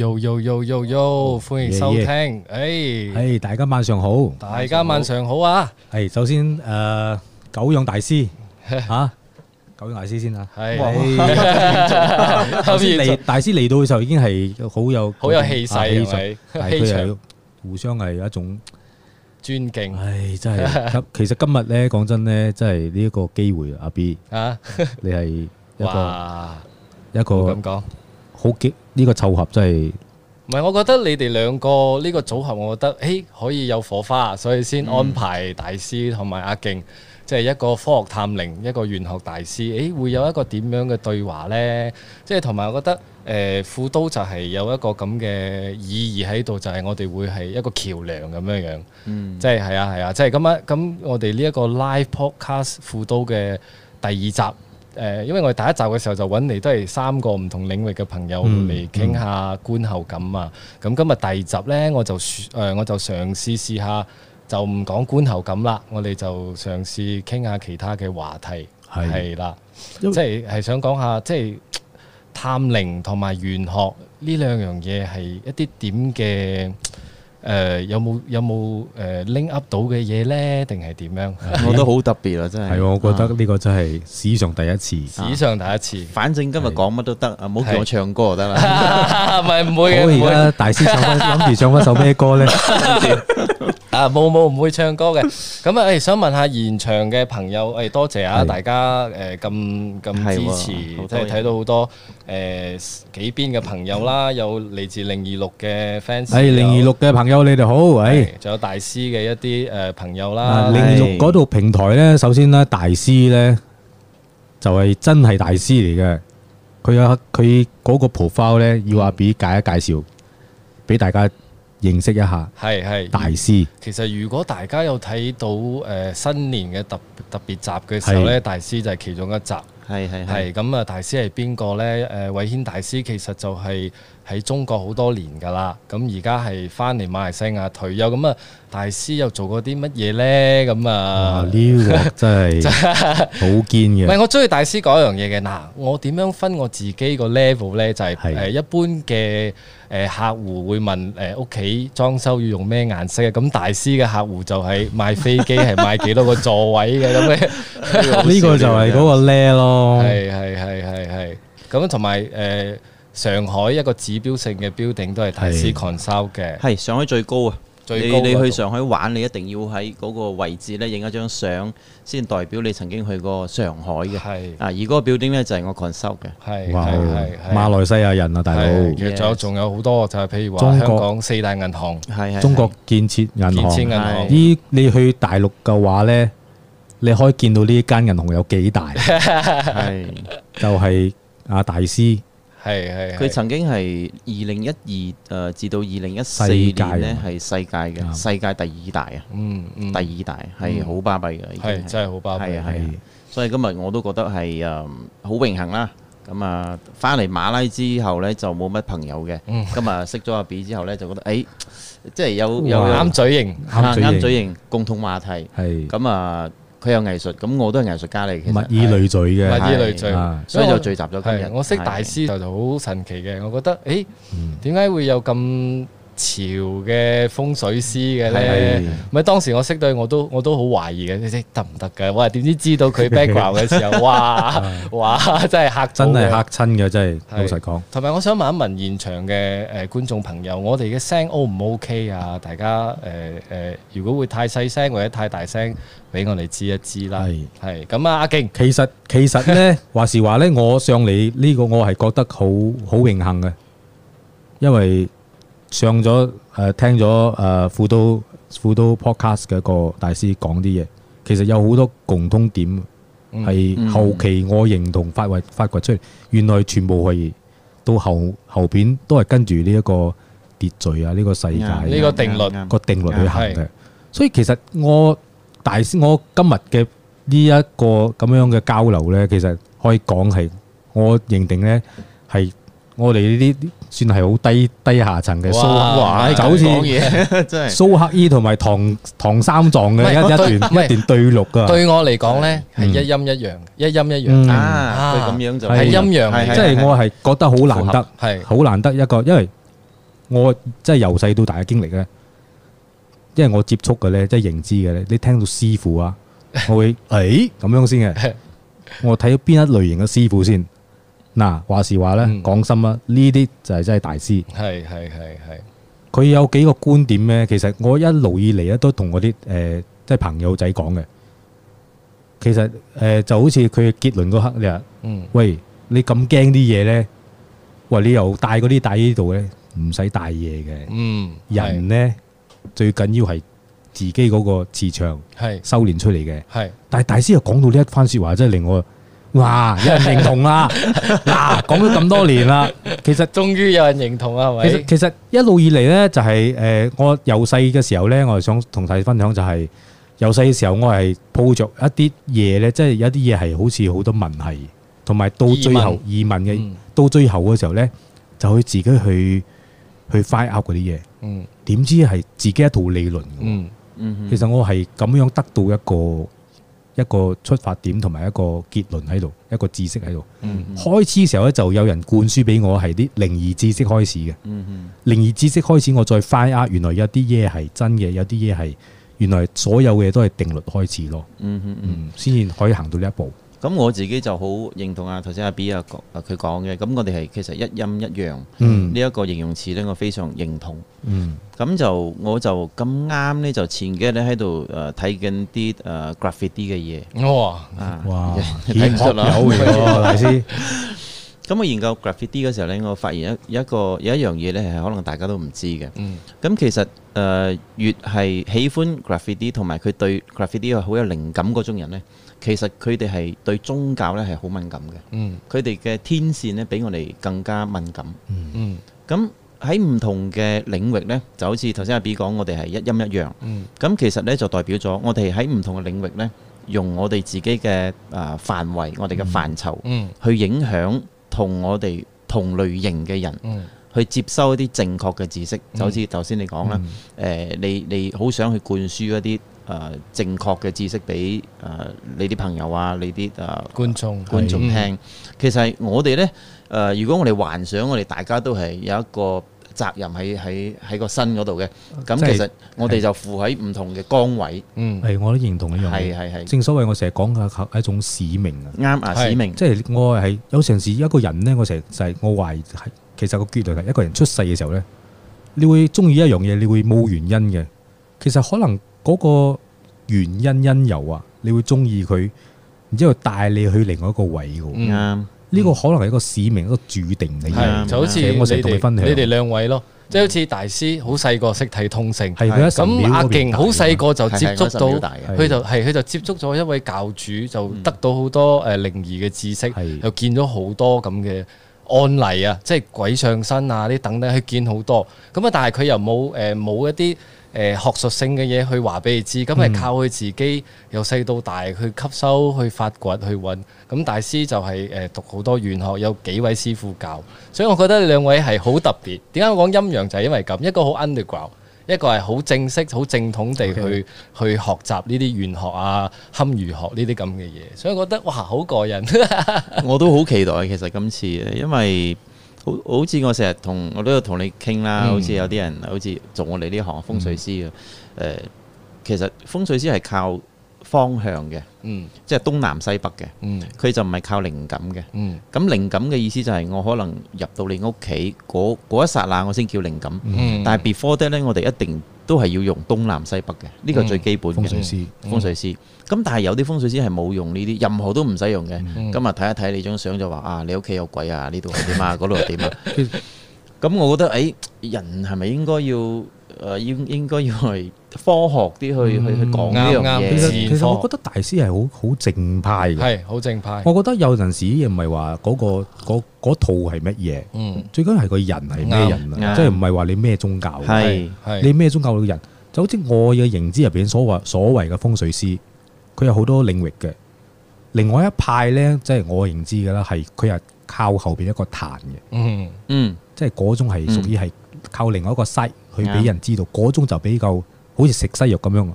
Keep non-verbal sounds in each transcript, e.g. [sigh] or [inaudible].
又又又又又歡迎收聽，誒，誒，大家晚上好，大家晚上好啊，係首先誒，久仰大師吓，久仰大師先啦，係，頭先嚟大師嚟到嘅時候已經係好有好有氣勢，但係佢係互相係一種尊敬，係真係，其實今日咧講真咧，真係呢一個機會，阿 B 啊，你係一個一個咁講。好激呢、這個湊合真係，唔係我覺得你哋兩個呢個組合，我覺得誒、欸、可以有火花，所以先安排大師同埋阿勁，嗯、即係一個科學探靈，一個玄學大師，誒、欸、會有一個點樣嘅對話呢？即係同埋我覺得誒，副、呃、都就係有一個咁嘅意義喺度，就係、是、我哋會係一個橋樑咁樣樣，嗯，即係係啊係啊，即係咁啊咁，我哋呢一個 live podcast 副都嘅第二集。誒，因為我哋第一集嘅時候就揾嚟都係三個唔同領域嘅朋友嚟傾下觀後感啊。咁、嗯嗯、今日第二集呢，我就誒我就嘗試試下就唔講觀後感啦。我哋就嘗試傾下其他嘅話題係啦，的的，即係係想講下即係探靈同埋玄學呢兩樣嘢係一啲點嘅。誒、呃、有冇有冇誒拎 up 到嘅嘢咧？定係點樣？我都好特別啊！真係係我覺得呢個真係史上第一次，史上第一次。啊、反正今日講乜都得啊，唔好是叫我唱歌就得啦。唔會嘅。我而家大師唱翻，諗住唱翻首咩歌咧？ [laughs] [laughs] [laughs] 啊，冇冇唔會唱歌嘅，咁啊，誒，想問下現場嘅朋友，誒，多謝啊，大家，誒，咁咁支持，即係睇到好多，誒，幾邊嘅朋友啦，有嚟自零二六嘅 fans，係零二六嘅朋友，你哋好，係，仲有大師嘅一啲，誒，朋友啦，零二六嗰度平台咧，首先咧，大師咧，就係真係大師嚟嘅，佢有佢嗰個 profile 咧，要阿 B 介一介紹俾大家。認識一下是是，係係，大師，嗯。其實如果大家有睇到誒、呃、新年嘅特特別集嘅時候咧，是大師就係其中一集，係係係。咁啊，大師係邊個咧？誒、呃，偉軒大師其實就係喺中國好多年噶啦。咁而家係翻嚟馬來西亞退休。咁啊，大師又做過啲乜嘢咧？咁啊，呢、這個真係好堅嘅。唔係 [laughs] ，我中意大師講一樣嘢嘅嗱，我點樣分我自己個 level 咧？就係、是、誒一般嘅是。嗯。誒客戶會問誒屋企裝修要用咩顏色啊？咁大師嘅客戶就係賣飛機，係賣幾多個座位嘅咁嘅，呢個就係嗰個叻咯。係係係係係。咁同埋誒上海一個指標性嘅標頂都係大師 consult 嘅。係上海最高啊！你你去上海玩，你一定要喺嗰個位置咧影一張相，先代表你曾經去過上海嘅。係啊，而嗰個 building 咧就係我群收嘅。係哇，係馬來西亞人啊，大佬。亦仲有仲有好多就係譬如話香港四大銀行，係中國建設銀行。建設銀行。呢你去大陸嘅話咧，你可以見到呢一間銀行有幾大。係就係阿大師。係係，佢曾經係二零一二誒，至到二零一四年咧係世界嘅世界第二大啊，第二大係好巴閉嘅，真係好巴閉係。所以今日我都覺得係誒好榮幸啦。咁啊，翻嚟馬拉之後咧就冇乜朋友嘅，咁啊識咗阿 B 之後咧就覺得誒，即係有有啱嘴型，啱嘴型共同話題，係咁啊。佢有藝術，咁我都係藝術家嚟嘅。物以類聚嘅，是是物以類聚，是所以就聚集咗佢。我識大師是就就好神奇嘅，我覺得，誒，點解、嗯、會有咁？潮嘅風水師嘅咧，咪的當時我識到，我都我都好懷疑嘅，你識得唔得嘅？哇、哎！點知知道佢 background 嘅時候，哇 [laughs] 哇，哇，真係嚇，真嚇！真係嚇親嘅，真係老實講。同埋我想問一問現場嘅誒觀眾朋友，我哋嘅聲 O 唔 OK 啊？大家誒誒、呃呃，如果會太細聲或者太大聲，俾我哋知一知啦。係係咁啊！阿勁，其實其實咧話時話呢，我上嚟呢個我係覺得好好榮幸嘅，因為。上咗誒、啊、聽咗誒輔導輔導 podcast 嘅一個大師講啲嘢，其實有好多共通點，係、嗯、後期我認同發掘、嗯、發掘出嚟，原來全部係到後後邊都係跟住呢一個秩序啊，呢、呢個世界呢個定律個定律去行嘅。所以其實我大師我今日嘅呢一個咁樣嘅交流咧，其實可以講係我認定咧係我哋呢啲。算係好低低下層嘅蘇話，就好似蘇乞兒同埋唐唐三藏嘅一一段一段對錄噶。對我嚟講咧，係一陰一陽，一陰一陽啊，咁樣就係陰陽。即係我係覺得好難得，係好難得一個，因為我即係由細到大嘅經歷咧，因為我接觸嘅咧，即係認知嘅咧，你聽到師傅啊，我會誒咁樣先嘅。我睇咗邊一類型嘅師傅先。嗱，話、嗯、講時話咧，講心啦，呢啲就係真係大師。係係係係，佢有幾個觀點咧，其實我一路以嚟咧都同我啲誒、呃、即係朋友仔講嘅。其實誒、呃、就好似佢嘅結論嗰刻咧，你嗯，喂，你咁驚啲嘢咧，喂，你又帶嗰啲帶呢度咧，唔使帶嘢嘅。嗯，人咧呢是最緊要係自己嗰個磁場係是修煉出嚟嘅。係是，是但係大師又講到呢一番說話，真係令我。哇！有人認同啦，嗱，講咗咁多年啦，其實終於有人認同啦，係咪？其實一路以嚟咧，就係、是、誒，我由細嘅時候咧,我係想同大家分享就係、是，由細嘅時候我係抱着一啲嘢咧，即係有啲嘢係好似好多問題，同埋到最後疑問嘅，到最後嘅時候咧，就去自己去去 find out 嗰啲嘢，嗯，點知係自己一套理論，嗯嗯、其實我係咁樣得到一個。一個出發點同埋一個結論喺度，一個知識喺度。Mm hmm. 開始時候咧，就有人灌輸俾我係啲靈異知識開始嘅，靈異、mm hmm. 知識開始我再翻啊原來有啲嘢係真嘅，有啲嘢係原來所有嘅嘢都係定律開始咯，嗯嗯、mm hmm. 嗯，先至可以行到呢一步。咁我自己就好認同啊，頭先阿 B 啊，佢講嘅，咁我哋係其實一陰一陽呢一個形容詞咧，我非常認同。咁就我就咁啱咧，就前幾日咧喺度誒睇緊啲誒 graffiti 嘅嘢。哇！哇！睇唔出㗎，大師。咁我研究 graffiti 嘅時候咧，我發現一一個有一樣嘢咧，係可能大家都唔知嘅。咁其實誒越係喜歡 graffiti，同埋佢對 graffiti 好有靈感嗰種人咧。其實佢哋係對宗教呢係好敏感嘅，嗯，佢哋嘅天線呢比我哋更加敏感，嗯，咁喺唔同嘅領域呢，就好似頭先阿 B 講，我哋係一陰一陽，嗯，咁其實呢就代表咗我哋喺唔同嘅領域呢，用我哋自己嘅誒範圍，我哋嘅範疇，嗯，去影響同我哋同類型嘅人，嗯，去接收一啲正確嘅知識，就好似頭先你講啦，誒，你你好想去灌輸一啲。誒，正確嘅知識俾誒你啲朋友啊，你啲誒觀眾觀眾聽。嗯、其實我哋咧誒，如果我哋幻想，我哋大家都係有一個責任喺喺喺個身嗰度嘅，咁其實我哋就負喺唔同嘅崗位。嗯，係、嗯嗯嗯、我都認同一樣，係係。正所謂我成日講嘅係一種使命啊，啱啊，使命。即係我係有成時一個人咧，我成日就係我懷疑其實個結論係一個人出世嘅時候咧，你會中意一樣嘢，你會冇原因嘅，其實可能。嗰個原因因由啊，你會中意佢，然之後帶你去另外一個位嘅。啱、嗯對，呢個可能係一個使命，嗯、一個注定嚟嘅。的就好似我哋同你分享，你哋兩位咯，即係好似大師好細個識睇通性，係咁阿勁好細個就接觸到，佢就係佢就接觸咗一位教主，就得到好多誒靈異嘅知識，的又見咗好多咁嘅案例啊，即係鬼上身啊啲等等，去見好多。咁啊，但係佢又冇誒冇一啲。誒學術性嘅嘢去話俾你知，咁係靠佢自己由細到大去吸收、去發掘、去揾。咁大師就係誒讀好多玄學，有幾位師傅教，所以我覺得兩位係好特別。點解我講陰陽就係因為咁，一個好 underground，一個係好正式、好正統地去 Okay. 去學習呢啲玄學啊、堪輿學呢啲咁嘅嘢，所以我覺得哇，好過癮！ [laughs] 我都好期待其實今次，因為。好好似我成日同我都有同你傾啦，好似有啲人好似做我哋呢行風水師嘅，誒，其實風水師係靠方向嘅，嗯，即係東南西北嘅，嗯，佢就唔係靠靈感嘅，嗯，咁靈感嘅意思就係我可能入到你屋企嗰嗰一剎那我先叫靈感，嗯，但係 before 的咧我哋一定。都係要用東南西北嘅，呢個最基本嘅風水師。風水師，咁但係有啲風水師係冇、嗯、用呢啲，任何都唔使用嘅。今日睇一睇你張相就話啊，你屋企有鬼啊，呢度係點啊，嗰度係點啊。咁我覺得誒、欸，人係咪應該要誒應、呃、應該要去？科學啲去去去講啲嘢，其實其實我覺得大師係好好正派嘅，係好正派。我覺得有陣時唔係話嗰個嗰嗰套係乜嘢，嗯，最緊要係個人係咩人啊，即係唔係話你咩宗教，係你咩宗教嘅人。就好似我嘅認知入邊所謂所謂嘅風水師，佢有好多領域嘅。另外一派咧，即係我認知嘅啦，係佢係靠後邊一個壇嘅，嗯嗯，即係嗰種係屬於係靠另外一個西去俾人知道，嗰種就比較。好似食西藥咁樣，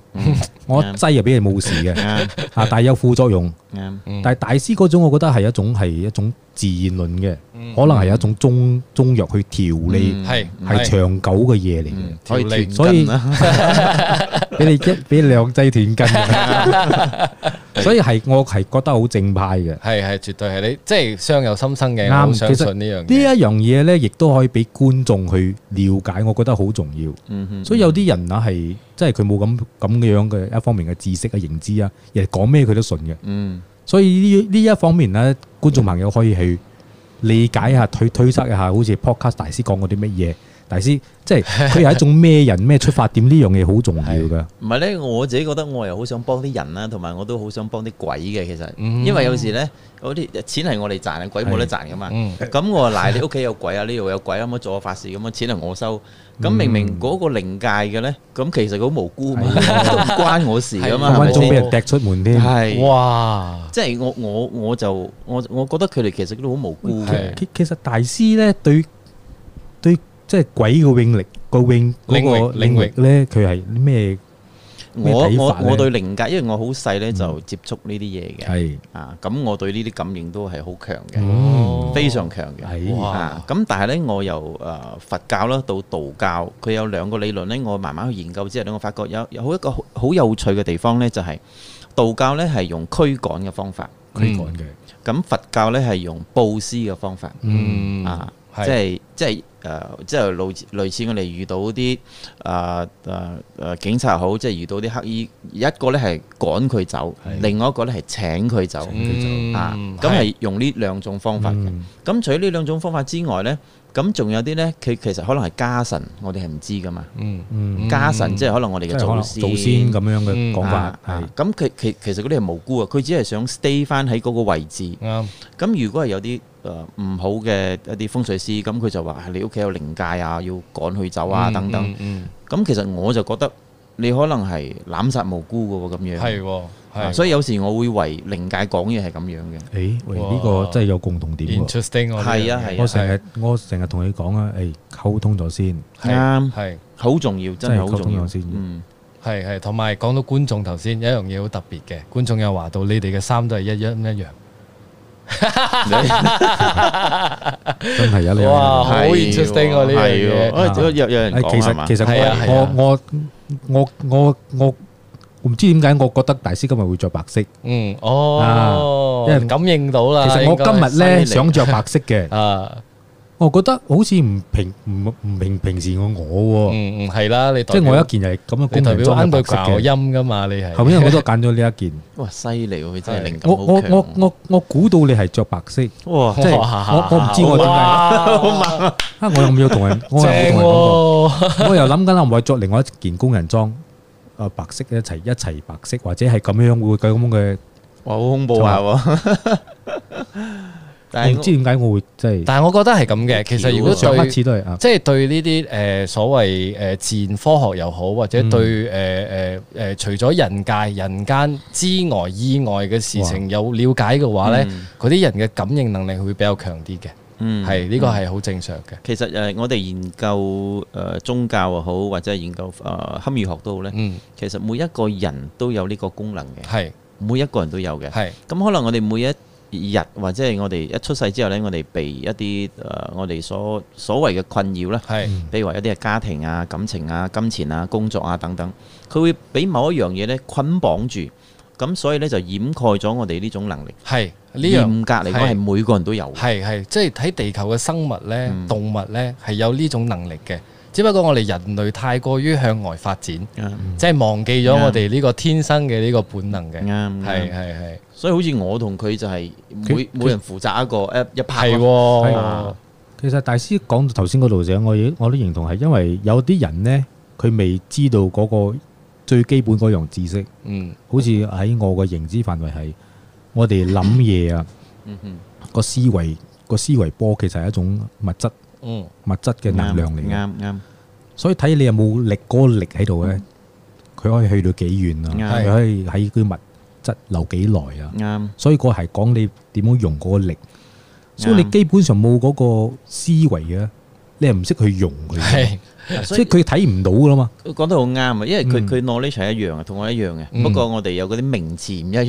我劑入邊俾你冇事嘅，吓但係有副作用。但係大師嗰種，我覺得係一種係一種自然論嘅，可能係一種中中藥去調理，係係長久嘅嘢嚟嘅。所以，俾你哋一俾兩劑斷根。所以係我係覺得好正派嘅。係係絕對係你即係相由心生嘅，啱。我相信呢樣呢一樣嘢咧，亦都可以俾觀眾去了解，我覺得好重要。所以有啲人啊係。即係佢冇咁咁嘅樣嘅一方面嘅知識啊、認知啊，亦係講咩佢都信嘅。嗯，所以呢呢一方面咧，觀眾朋友可以去理解下、推推測一下，好似 Podcast 大師講過啲乜嘢。大師，即係佢係一種咩人咩出發點呢樣嘢好重要噶。唔係咧，我自己覺得我又好想幫啲人啦，同埋我都好想幫啲鬼嘅。其實，因為有時咧，嗰啲錢係我哋賺，鬼冇得賺噶嘛。咁的、嗯、我話嗱，你屋企有鬼啊，呢度有鬼，咁做我法事咁，錢係我收。咁明明嗰個靈界嘅咧，咁其實好無辜，都唔的關我事噶嘛。係咪先？仲俾人踢出門添？係的哇，即係我我我就我我覺得佢哋其實都好無辜嘅。其的其實大師咧對對。對即係鬼嘅靈力，個靈嗰個領域咧，佢係咩？我我我對靈界，因為我好細咧就接觸呢啲嘢嘅，係啊，咁我對呢啲感應都係好強嘅，嗯，非常強嘅，係啊，咁但係咧，我由誒佛教啦，到道教，佢有兩個理論咧，我慢慢去研究之後咧，我發覺有有好一個好有趣嘅地方咧，就係道教咧係用驅趕嘅方法，驅趕嘅，咁佛教咧係用佈施嘅方法，嗯啊。即係即係誒，即係類似類似我哋遇到啲誒誒誒警察好，即係遇到啲黑衣，一個咧係趕佢走，的另外一個咧係請佢走，請佢走啊，咁係、嗯、用呢兩種方法嘅。咁、嗯、除咗呢兩種方法之外咧。咁仲有啲呢，佢其實可能係家神，我哋係唔知噶嘛。嗯嗯，嗯家神即係可能我哋嘅祖先祖先咁樣嘅講法。咁佢其其實嗰啲係無辜啊，佢只係想 stay 翻喺嗰個位置。咁、嗯、如果係有啲誒唔好嘅一啲風水師，咁佢就話你屋企有靈界啊，要趕佢走啊等等。咁、嗯嗯嗯、其實我就覺得你可能係濫殺無辜嘅喎，咁樣。係、嗯所以有時我會為靈界講嘢係咁樣嘅。誒，呢個真係有共同點。Interesting，係啊係啊。我成日我成日同你講啊，誒，溝通咗先啱，係好重要，真係好重要。嗯，係係。同埋講到觀眾頭先有一樣嘢好特別嘅，觀眾又話到你哋嘅衫都係一一一樣。真係有呢樣嘢。哇，好 interesting 喎呢樣嘢。有有人講係嘛？係啊係啊。我我我我我。唔知點解，我覺得大師今日會着白色。嗯，哦，有人感應到啦。其實我今日咧想着白色嘅。啊，我覺得好似唔平唔唔平平時我我。嗯嗯，係啦，你即係我一件係咁樣工人工人裝白色嘅。隔音噶嘛，你係。後尾我都揀咗呢一件。哇，犀利！佢真係靈感好強。我我我我我估到你係着白色。哇！我我唔知我點解。我唔要同人，我又唔同人講過。我又諗緊，我係咪着另外一件工人裝。白色一齊一齊白色，或者係咁樣會咁嘅，哇！好恐怖下，但係唔知點解我會即係。 [laughs] 但係我覺得係咁嘅， [laughs] 其實如果對 [laughs] 即係對呢啲誒所謂誒、呃、自然科學又好，或者對誒誒誒除咗人界人間之外意外嘅事情有了解嘅話咧，嗰啲哇、嗯、人嘅感應能力會比較強啲嘅。嗯，係呢個係好正常嘅。其實誒，我哋研究誒宗教又好，或者係研究誒堪輿學都好咧。嗯，其實每一個人都有呢個功能嘅。係，每一個人都有嘅。係，咁可能我哋每一日或者係我哋一出世之後咧，我哋被一啲誒我哋所所謂嘅困擾咧。係，譬如話一啲係家庭啊、感情啊、金錢啊、工作啊等等，佢會俾某一樣嘢咧捆綁住。咁所以咧就掩蓋咗我哋呢種能力。係。嚴格嚟講，係每個人都有，係係，即係睇地球嘅生物咧，嗯、動物咧係有呢種能力嘅，只不過我哋人類太過於向外發展，嗯、即係忘記咗我哋呢個天生嘅呢個本能嘅，啱、嗯，係係係。所以好似我同佢就係每每人負責一個一派喎。其實大師講到頭先嗰度嘅，我我都認同係，因為有啲人呢，佢未知道嗰個最基本嗰樣知識，嗯，嗯好似喺我嘅認知範圍係。我哋諗嘢啊，個思維個思維波其實係一種物質，哦、物質嘅能量嚟。啱啱、嗯，嗯、所以睇你有冇力嗰、嗰個力喺度咧，佢、嗯、可以去到幾遠啊？佢、嗯、可以喺啲物質留幾耐啊？啱、嗯，所以個係講你點樣用嗰個力，嗯、所以你基本上冇嗰個思維啊。你係唔識去用佢嘅，所以佢睇唔到噶喇嘛。講得好啱啊，因為佢佢攞呢層一樣啊，同我一樣嘅。不過我哋有嗰啲名詞唔一樣，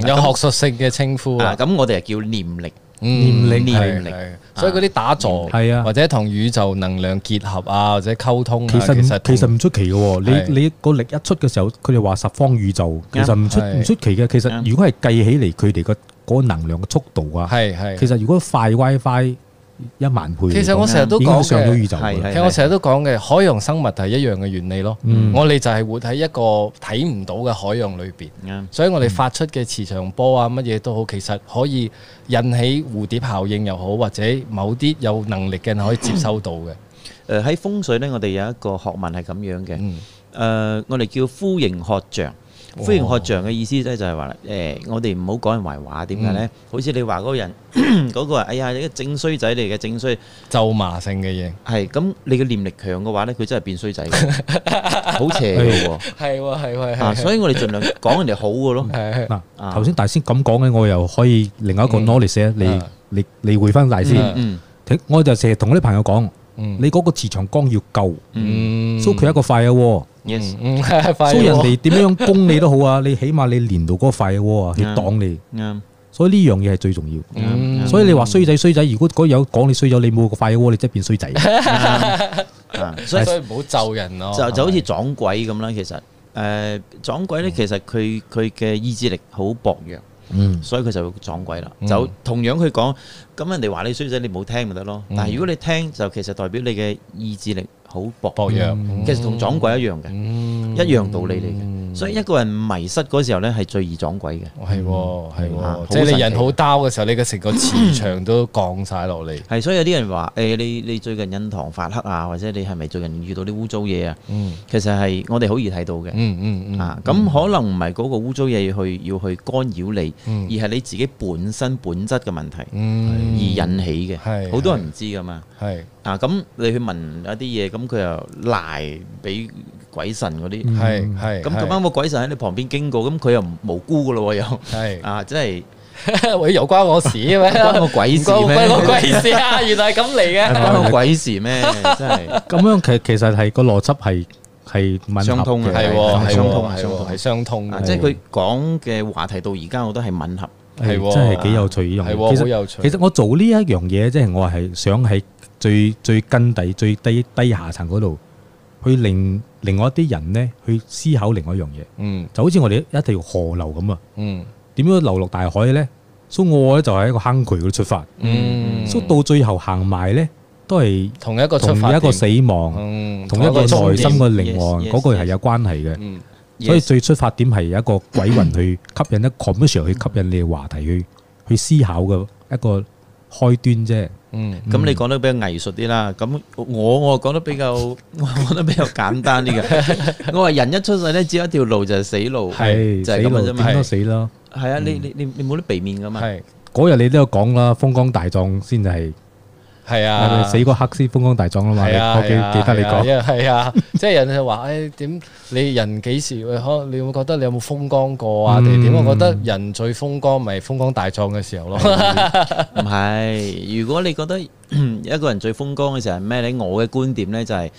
有學術性嘅稱呼啊。咁我哋係叫念力，念力念力。所以嗰啲打坐，或者同宇宙能量結合啊，或者溝通，其實其實唔出奇嘅喎。你你個力一出嘅時候，佢哋話十方宇宙，其實唔出唔出奇嘅。其實如果係計起嚟，佢哋個嗰個能量嘅速度啊，其實如果快 WiFi，一萬倍。其實我成日都講嘅，其實我成日都講嘅，海洋生物係一樣嘅原理咯。嗯、我哋就係活喺一個睇唔到嘅海洋裏邊，嗯、所以我哋發出嘅磁場波啊，乜嘢都好，其實可以引起蝴蝶效應又好，或者某啲有能力嘅可以接收到嘅。誒喺、 [laughs] 呃、風水呢，我哋有一個學問係咁樣嘅。誒、嗯呃，我哋叫呼形學象。歡迎學像嘅意思咧，就係話啦，誒，我哋唔好講人壞話，點解咧？好似你話嗰個人，嗰個，哎呀，你個正衰仔嚟嘅，正衰，就罵性嘅嘢。係，咁你嘅念力強嘅話咧，佢真係變衰仔，好邪嘅喎。係，係，係。啊，所以我哋盡量講人哋好嘅咯。係係。嗱，頭先大師咁講嘅，我又可以另外一個 knowledge 嚟嚟嚟回翻大師。嗯。睇，我就成日同啲朋友講，你嗰個磁場光要夠，所以佢一個快啊。Yes，人哋點樣攻你都好啊，你起碼你連到嗰塊窩啊，要擋你。所以呢樣嘢係最重要。所以你話衰仔衰仔，如果嗰有講你衰咗，你冇個塊窩，你真係變衰仔。所以唔好咒人咯。就就好似撞鬼咁啦，其實誒撞鬼咧，其實佢佢嘅意志力好薄弱，所以佢就會撞鬼啦。就同樣佢講咁人哋話你衰仔，你唔好聽咪得咯。但係如果你聽，就其實代表你嘅意志力。好薄薄弱，其實同撞鬼一樣嘅，一樣道理嚟嘅。所以一個人迷失嗰時候咧，係最易撞鬼嘅。係喎，即係你人好 down 嘅時候，你嘅成個磁場都降晒落嚟。係，所以有啲人話，誒，你你最近印堂發黑啊，或者你係咪最近遇到啲污糟嘢啊？其實係我哋好易睇到嘅。啊，咁可能唔係嗰個污糟嘢去要去干擾你，而係你自己本身本質嘅問題，而引起嘅。好多人唔知噶嘛。係。嗱咁，你去問一啲嘢，咁佢又賴俾鬼神嗰啲，係係咁，咁啱個鬼神喺你旁邊經過，咁佢又無辜咯喎，又係啊，即係會又關我事咩？關我鬼事咩？關我鬼事啊！原來係咁嚟嘅，關我鬼事咩？真係咁樣，其實其實係個邏輯係係吻合嘅，係係相通，係相通，係相通嘅，即係佢講嘅話題到而家我都係吻合，係真係幾有趣用，係好有趣。其實我做呢一樣嘢，即係我係想喺。最最根底最低低下層嗰度，去令另外一啲人呢去思考另外一樣嘢。嗯，就好似我哋一條河流咁啊。嗯，點樣流落大海呢？所以我呢就係、是、一個坑渠度出發。嗯、所以到最後行埋呢，都係同一個同一個死亡，嗯、同一個內心嘅靈魂嗰個係、嗯、有關係嘅。嗯嗯、所以最出發點係一個鬼魂去吸引 [coughs] 一個 commission 去吸引你嘅話題去去思考嘅一個開端啫。嗯，咁你講得比較藝術啲啦，咁我我講得比較， [laughs] 我講得比較簡單啲嘅， [laughs] 我話人一出世咧，只有一條路就係死路，係是就係咁樣，點都死咯路。係啊是是，你、嗯、你你你冇得避免噶嘛。係嗰是是日你都有講啦，風光大壯先至係。係啊，死過黑絲風光大狀啊嘛，我記記得你講，係啊，即係人哋話，誒、哎，點你人幾時可，你會覺得你有冇風光過啊？定點、嗯？我覺得人最風光咪、就是、風光大狀嘅時候咯，唔係， [laughs] [laughs] 如果你覺得一個人最風光嘅時候係咩咧？你我嘅觀點咧就係、是。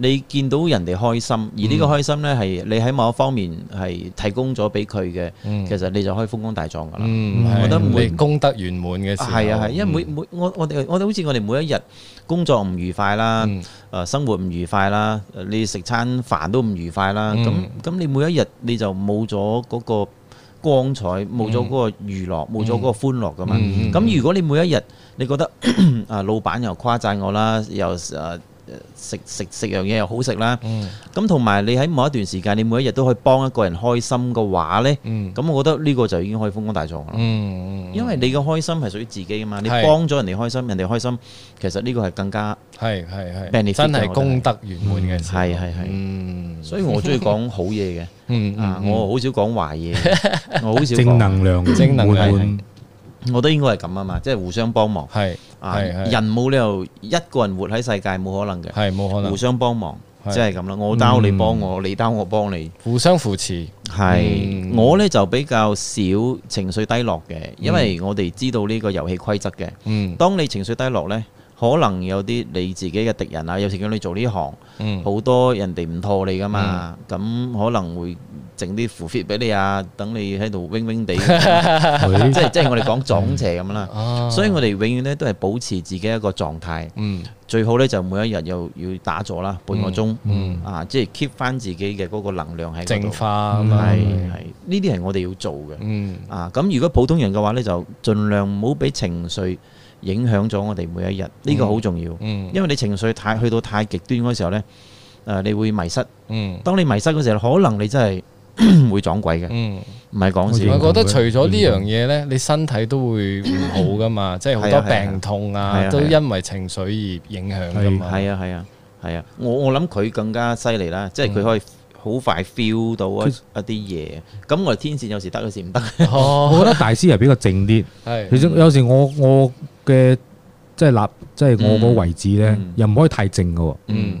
你見到人哋開心，而呢個開心呢，係你喺某一方面係提供咗俾佢嘅，其實你就可以風光大壯噶啦。我覺得每你功德圓滿嘅時候。係啊係，因為每我我哋我哋好似我哋每一日工作唔愉快啦，誒生活唔愉快啦，你食餐飯都唔愉快啦。咁咁你每一日你就冇咗嗰個光彩，冇咗嗰個娛樂，冇咗嗰個歡樂噶嘛。咁如果你每一日你覺得啊老闆又誇讚我啦，又誒。食食食樣嘢又好食啦，咁同埋你喺某一段時間，你每一日都可以幫一個人開心嘅話呢，咁我覺得呢個就已經可以風光大壯啦。因為你嘅開心係屬於自己噶嘛，你幫咗人哋開心，人哋開心，其實呢個係更加係係係 benefit 真係功德圓滿嘅係係係，所以我中意講好嘢嘅，我好少講壞嘢，我好少正能量，正能量。我都應該係咁啊嘛，即係互相幫忙。係，人冇理由一個人活喺世界，冇可能嘅，係冇可能互相幫忙，即係咁啦。我兜你幫我，你兜我幫你，互相扶持。係，我呢就比較少情緒低落嘅，因為我哋知道呢個遊戲規則嘅。嗯，當你情緒低落呢，可能有啲你自己嘅敵人啊，有時叫你做呢行，好多人哋唔妥你㗎嘛，咁可能會。整啲符俾你啊！等你喺度 wing wing 地，即係即係我哋講撞邪咁啦。所以我哋永遠咧都係保持自己一個狀態。嗯，最好咧就每一日又要打坐啦，半個鐘。嗯，啊，即係 keep 翻自己嘅嗰個能量喺度。淨化啊嘛，係係。呢啲係我哋要做嘅。嗯。啊，咁如果普通人嘅話咧，就盡量唔好俾情緒影響咗我哋每一日。呢個好重要。嗯。因為你情緒太去到太極端嗰時候咧，誒，你會迷失。嗯。當你迷失嗰時候，可能你真係～會撞鬼嘅，嗯，唔係講笑。我覺得除咗呢樣嘢咧，你身體都會唔好噶嘛，即係好多病痛啊，都因為情緒而影響噶嘛。係啊係啊係啊，我我諗佢更加犀利啦，即係佢可以好快 feel 到一啲嘢。咁我天線有時得，有時唔得。哦，我覺得大師係比較靜啲。係，其實有時我我嘅即係立，即係我個位置咧，又唔可以太靜噶。嗯。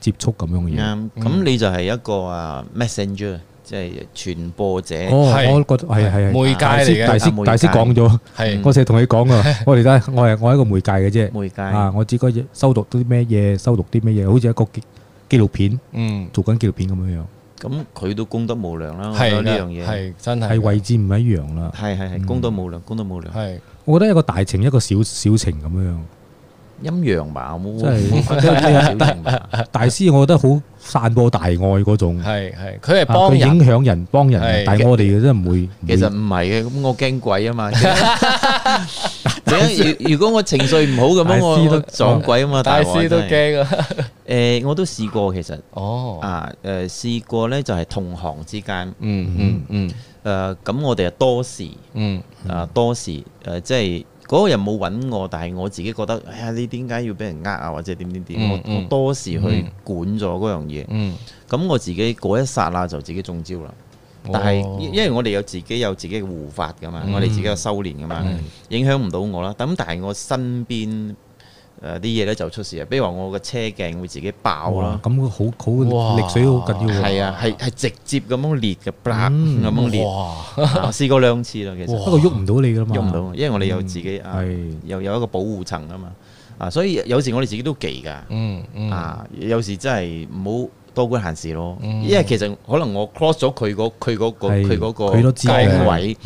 接觸咁樣嘅嘢，咁你就係一個啊 messenger 即係傳播者。哦，我覺得係係係媒介嚟嘅。大師大師講咗，係我成日同你講噶。我嚟睇，我係我係一個媒介嘅啫。媒介啊，我知嗰日收讀啲咩嘢，收讀啲咩嘢，好似一個紀錄片。嗯，做緊紀錄片咁樣樣。咁佢都功德無量啦。係啦，呢樣嘢係真係係位置唔一樣啦。係係係功德無量，功德無量。係，我覺得一個大情一個小小情咁樣。陰陽吧，真係大師，我覺得好散播大愛嗰種。係係，佢係幫影響人，幫人，但我哋嘅真唔會。其實唔係嘅，咁我驚鬼啊嘛。如果我情緒唔好咁，我撞鬼啊嘛。大師都驚啊。誒，我都試過其實。哦。啊，誒，試過咧就係同行之間。嗯嗯嗯。誒，咁我哋啊多時。嗯。啊，多時。誒，即係。嗰個人冇揾我，但係我自己覺得，哎呀，你點解要俾人呃啊？或者點點點，嗯嗯、我我多時去管咗嗰樣嘢，咁、嗯、我自己嗰一剎啦就自己中招啦。哦、但係因為我哋有自己有自己嘅護法㗎嘛，嗯、我哋自己有修練㗎嘛，嗯、影響唔到我啦。咁但係我身邊。誒啲嘢咧就出事啊！比如話我個車鏡會自己爆啦，咁好好力水好緊要㗎。係啊，係係、啊、直接咁樣裂嘅，咁、嗯、樣裂哇、啊。試過兩次啦，哇其實不過喐唔到你㗎嘛。喐唔到，嗯、因為我哋有自己啊，有是有一個保護層啊嘛。啊，所以有時我哋自己都忌㗎。嗯嗯、啊，有時真係唔好。多管閒事咯，因為其實可能我 cross 咗佢嗰，佢嗰個佢嗰個定位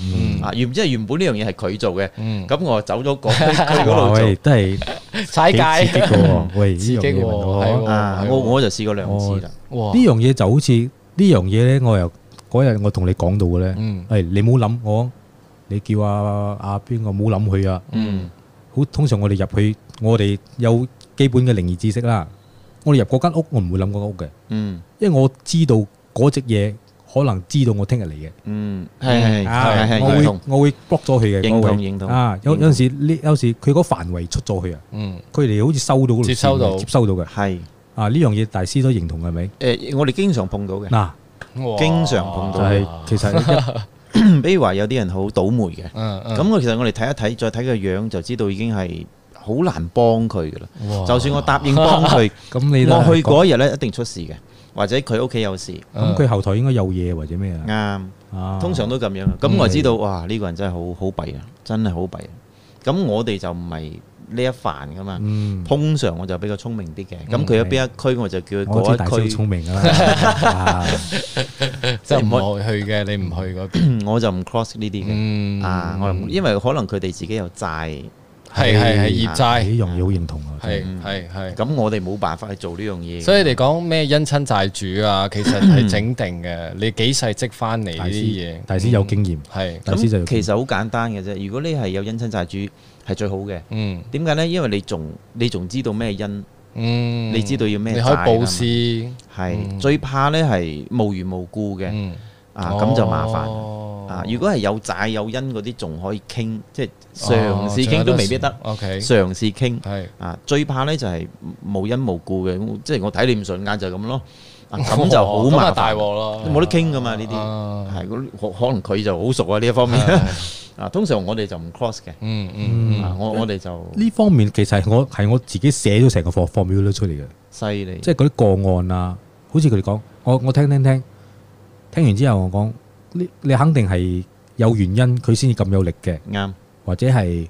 啊，原唔知係原本呢樣嘢係佢做嘅。咁我走咗廣東區度都係踩界，刺激過。喂，呢樣我我就試過兩次啦。呢樣嘢就好似呢樣嘢咧，我由嗰日我同你講到嘅咧，誒，你冇諗我，你叫阿阿邊個冇諗佢啊？好通常我哋入去，我哋有基本嘅靈異知識啦。我哋入嗰間屋，我唔會諗嗰間屋嘅，嗯，因為我知道嗰隻嘢可能知道我聽日嚟嘅，嗯，係係係，我會我會 block 咗佢嘅，認同認同啊，有有陣時有時佢個範圍出咗去啊，嗯，佢哋好似收到收到接收到嘅，係啊，呢樣嘢大師都認同係咪？誒，我哋經常碰到嘅，嗱，經常碰到係，其實，比如話有啲人好倒霉嘅，咁我其實我哋睇一睇再睇個樣就知道已經係。好難幫佢噶啦，就算我答應幫佢，我去嗰一日咧一定出事嘅，或者佢屋企有事，咁佢後台應該有嘢，或者咩啊？啱，通常都咁樣。咁我知道，哇！呢個人真係好好弊啊，真係好弊。咁我哋就唔係呢一範噶嘛。通常我就比較聰明啲嘅。咁佢有邊一區，我就叫佢嗰一區。我知大師聰明啊，即係唔去嘅，你唔去嗰邊，我就唔 cross 呢啲嘅啊。我因為可能佢哋自己有債。係係係，業債呢樣嘢好認同啊！係係係，咁我哋冇辦法去做呢樣嘢。所以嚟講咩冤親債主啊，其實係整定嘅。你幾世積翻嚟啲嘢，大師有經驗。係，大師就有經驗。其實好簡單嘅啫。如果你係有冤親債主，係最好嘅。嗯，點解咧？因為你仲你仲知道咩冤，嗯，你知道要咩債，你可以布施，係，最怕咧係無緣無故嘅。啊，咁就麻煩啊！如果係有債有恩嗰啲，仲可以傾，即係嘗試傾都未必得。嘗試傾係啊，最怕咧就係無因無故嘅，即係我睇你唔順眼就係咁咯。咁就好麻煩大鑊咯，冇得傾噶嘛呢啲。係，可能佢就好熟啊呢一方面。啊，通常我哋就唔 cross 嘅。嗯嗯，我我哋就呢方面其實係我係我自己寫咗成個 formula 出嚟嘅。犀利。即係嗰啲個案啊，好似佢哋講，我我聽聽聽。聽完之後我講，呢你肯定係有原因，佢先至咁有力嘅。啱、嗯，或者係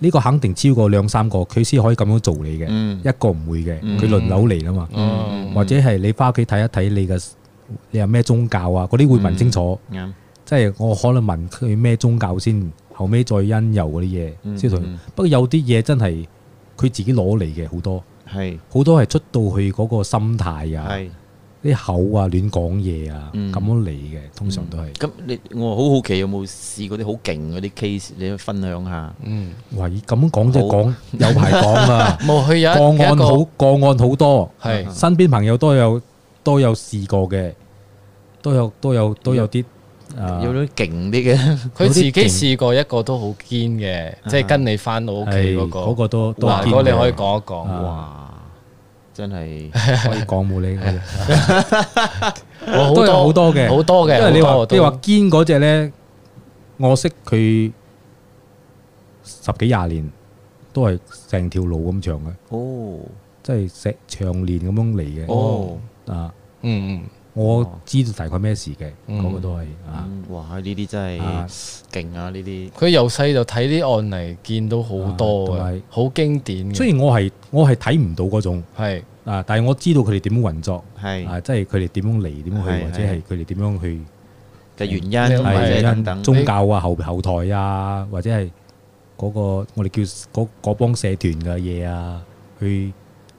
呢個肯定超過兩三個，佢先可以咁樣做你嘅。嗯、一個唔會嘅，佢輪流嚟噶嘛。嗯嗯、或者係你返屋企睇一睇你嘅，你係咩宗教啊？嗰啲會問清楚。啱、嗯，即、嗯、係我可能問佢咩宗教先，後尾再因由嗰啲嘢。不過有啲嘢真係佢自己攞嚟嘅好多，係好是是多係出到去嗰個心態啊。是啲口啊，亂講嘢啊，咁樣嚟嘅，通常都係。咁你我好好奇，有冇試過啲好勁嗰啲 case？你分享下。嗯。喂，咁講即係講有排講啊。冇，佢有個案好，個案好多。係。身邊朋友都有都有試過嘅，都有都有都有啲。有啲勁啲嘅。佢自己試過一個都好堅嘅，即係跟你翻到屋企嗰個。嗰個都都堅嘅。嗱，嗰個你可以講一講。真係可以講冇理嘅， [laughs] 都有好多嘅，好 [laughs] 多嘅。多，因為你話 [noise] 你話堅嗰隻咧，我識佢十幾廿年，都係成條路咁長嘅。哦，即係成長年咁樣嚟嘅。哦，啊，嗯嗯。我知道大概咩事嘅，嗰個都係啊！哇，呢啲真係勁啊！呢啲佢由細就睇啲案例，見到好多，好經典。雖然我係我係睇唔到嗰種，啊，但係我知道佢哋點樣運作，係即係佢哋點樣嚟、點樣去，或者係佢哋點樣去嘅原因，宗教啊、後後台啊，或者係嗰個我哋叫嗰幫社團嘅嘢啊，去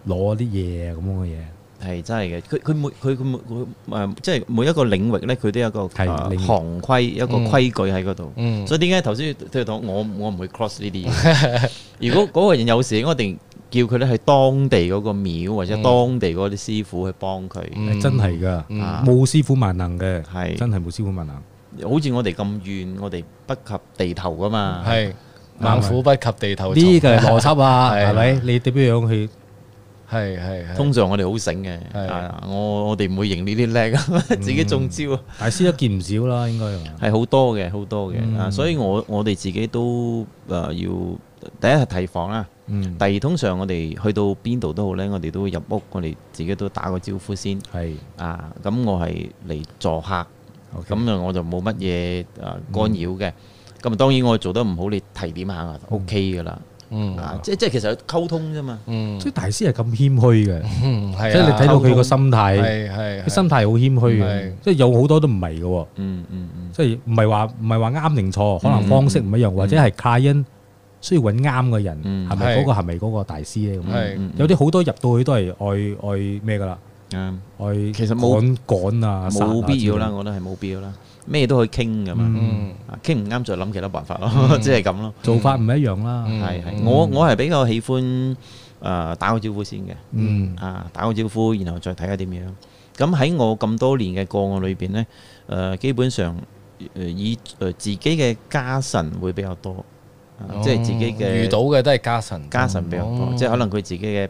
攞啲嘢咁樣嘅嘢。係真係嘅，佢佢每佢佢佢誒，即係每一個領域咧，佢都有一個,一個行規，一個規矩喺嗰度。嗯，所以點解頭先對講我我唔會 cross 呢啲嘢？ [laughs] 如果嗰個人有事，我一定叫佢咧去當地嗰個廟或者當地嗰啲師傅去幫佢。是真係噶，冇師傅萬能嘅，係真係冇師傅萬能。好似我哋咁遠，我哋不及地頭噶嘛。係，猛虎不及地頭。呢個邏輯啊，係咪 [laughs] 嗎？你點樣去？係係係，通常我哋好醒嘅，我我哋唔會認呢啲叻㗎，自己中招。大師都見唔少啦，應該係。係好多嘅，好多嘅，所以我我哋自己都誒要第一係提防啦。第二通常我哋去到邊度都好咧，我哋都入屋，我哋自己都打個招呼先。係啊，咁我係嚟做客，咁啊我就冇乜嘢誒干擾嘅。咁啊當然我做得唔好，你提點下啊，OK 㗎啦。嗯，即即係其實溝通啫嘛。嗯，嗯所以大師係咁謙虛嘅，即係你睇到，佢個心態，係係佢心態好謙虛嘅，即係有好多都唔係嘅。嗯嗯即係唔係話唔係話啱定錯，可能方式唔一樣，嗯、或者係客人，需要搵啱嘅人，係咪嗰個係咪嗰個大師咧？係，有啲好多入到去都係愛愛咩㗎啦，嗯，愛，愛，愛嗯其實冇咁趕啊，冇必要啦，我覺得係冇必要啦。咩都可以傾噶嘛，傾唔啱再諗其他辦法咯，即係咁咯。做法唔一樣啦，係係。我我係比較喜歡誒打個招呼先嘅，啊打個招呼，然後再睇下點樣。咁喺我咁多年嘅個案裏邊咧，誒基本上誒以誒自己嘅家臣會比較多，即係自己嘅遇到嘅都係家臣，家臣比較多，即係可能佢自己嘅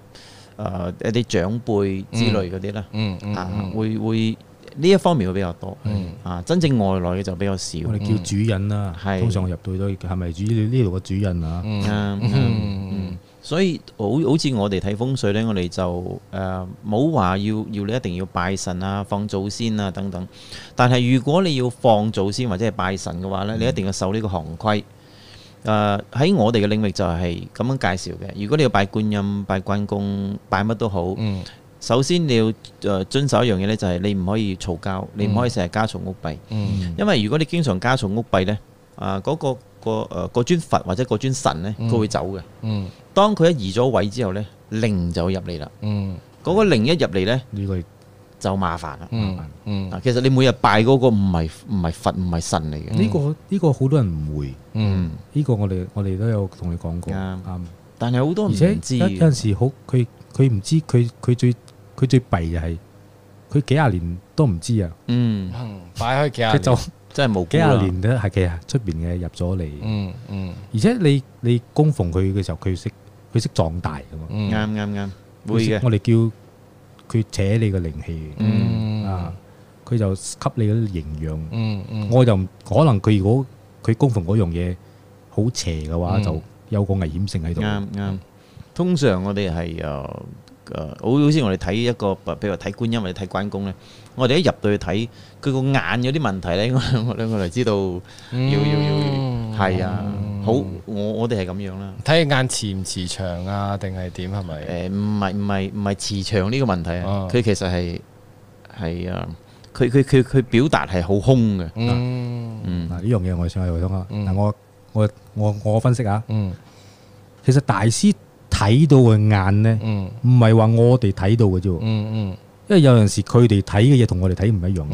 誒一啲長輩之類嗰啲啦，啊會會。呢一方面會比較多，嗯、啊，真正外來嘅就比較少。我哋叫主人啦，通常入到都係咪主呢度嘅主人啊？所以好好似我哋睇風水呢，我哋就誒冇話要要你一定要拜神啊、放祖先啊等等。但係如果你要放祖先或者係拜神嘅話呢，嗯、你一定要守呢個行規。誒、啊、喺我哋嘅領域就係咁樣介紹嘅。如果你要拜觀音、拜關公、拜乜都好，嗯首先你要誒遵守一樣嘢咧，就係你唔可以嘈交，你唔可以成日加重屋幣。嗯。因為如果你經常加重屋幣咧，啊嗰個個誒嗰尊佛或者嗰尊神咧，佢會走嘅。嗯。當佢一移咗位之後咧，靈就入嚟啦。嗯。嗰個靈一入嚟咧，就麻煩啦。嗯嗯。其實你每日拜嗰個唔係唔係佛唔係神嚟嘅。呢個呢個好多人誤會。嗯。呢個我哋我哋都有同你講過。啱。但係好多人唔知。有陣時好佢佢唔知佢佢最。佢最弊就係佢幾廿年都唔知啊！嗯，擺開幾廿，就真係冇幾廿年咧，係其實出邊嘅入咗嚟。嗯嗯，而且你你供奉佢嘅時候，佢識佢識壯大㗎嘛。啱啱啱，會嘅。我哋叫佢扯你嘅靈氣。嗯啊，佢就吸你啲營養。嗯嗯，我就可能佢如果佢供奉嗰樣嘢好邪嘅話，就有個危險性喺度。啱啱，通常我哋係有。誒，好好似我哋睇一個，譬如話睇觀音或者睇關公咧，我哋一入到去睇，佢個眼有啲問題咧，我我我哋知道，要要要，係啊，好，我我哋係咁樣啦。睇眼慈唔慈祥啊，定係點？係咪？誒，唔係唔係唔係慈祥呢個問題啊，佢其實係係啊，佢佢佢佢表達係好空嘅。嗯，呢樣嘢我想係咁啊。嗱，我我我我分析下。嗯，其實大師。睇到嘅眼呢，唔係話我哋睇到嘅啫，因為有陣時佢哋睇嘅嘢，同我哋睇唔一樣，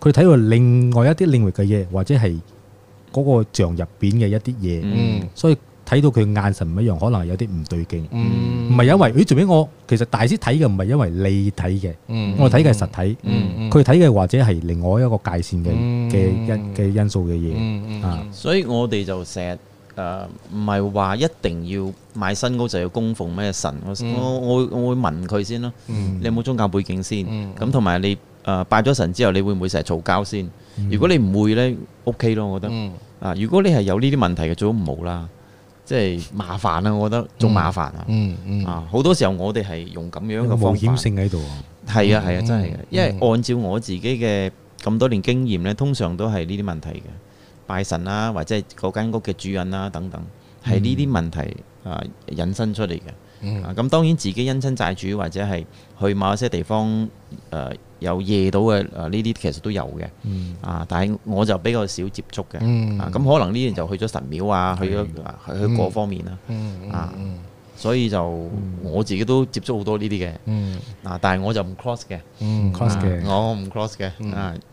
佢睇到另外一啲領域嘅嘢，或者係嗰個像入邊嘅一啲嘢，所以睇到佢眼神唔一樣，可能有啲唔對勁，唔係因為，誒，最屘我其實大師睇嘅唔係因為你睇嘅，我睇嘅係實體，佢睇嘅或者係另外一個界線嘅嘅因嘅因素嘅嘢，所以我哋就成日。誒，唔係話一定要買新屋就要供奉咩神，嗯、我我我會問佢先咯，嗯、你有冇宗教背景先？咁同埋你誒、呃、拜咗神之後你會唔會成日嘈交先？嗯、如果你唔會呢 o、OK、k 咯，我覺得。嗯、啊，如果你係有呢啲問題嘅，最好唔好啦，即係麻煩啊，我覺得仲麻煩啊。嗯嗯嗯、啊，好多時候我哋係用咁樣嘅風險性喺度啊，係啊係啊，真係嘅，因為按照我自己嘅咁多年經驗呢，通常，常都係呢啲問題嘅。拜神啦，或者係嗰間屋嘅主人啦，等等，係呢啲問題啊引申出嚟嘅。咁、嗯啊、當然自己冤親債主或者係去某一些地方誒、呃、有夜到嘅誒呢啲其實都有嘅。啊，但係我就比較少接觸嘅。咁、嗯啊、可能呢啲就去咗神廟啊，去咗、嗯、去去各方面啦。嗯、啊！嗯嗯嗯嗯所以就我自己都接觸好多呢啲嘅，嗱，但係我就唔 cross 嘅，我唔 cross 嘅，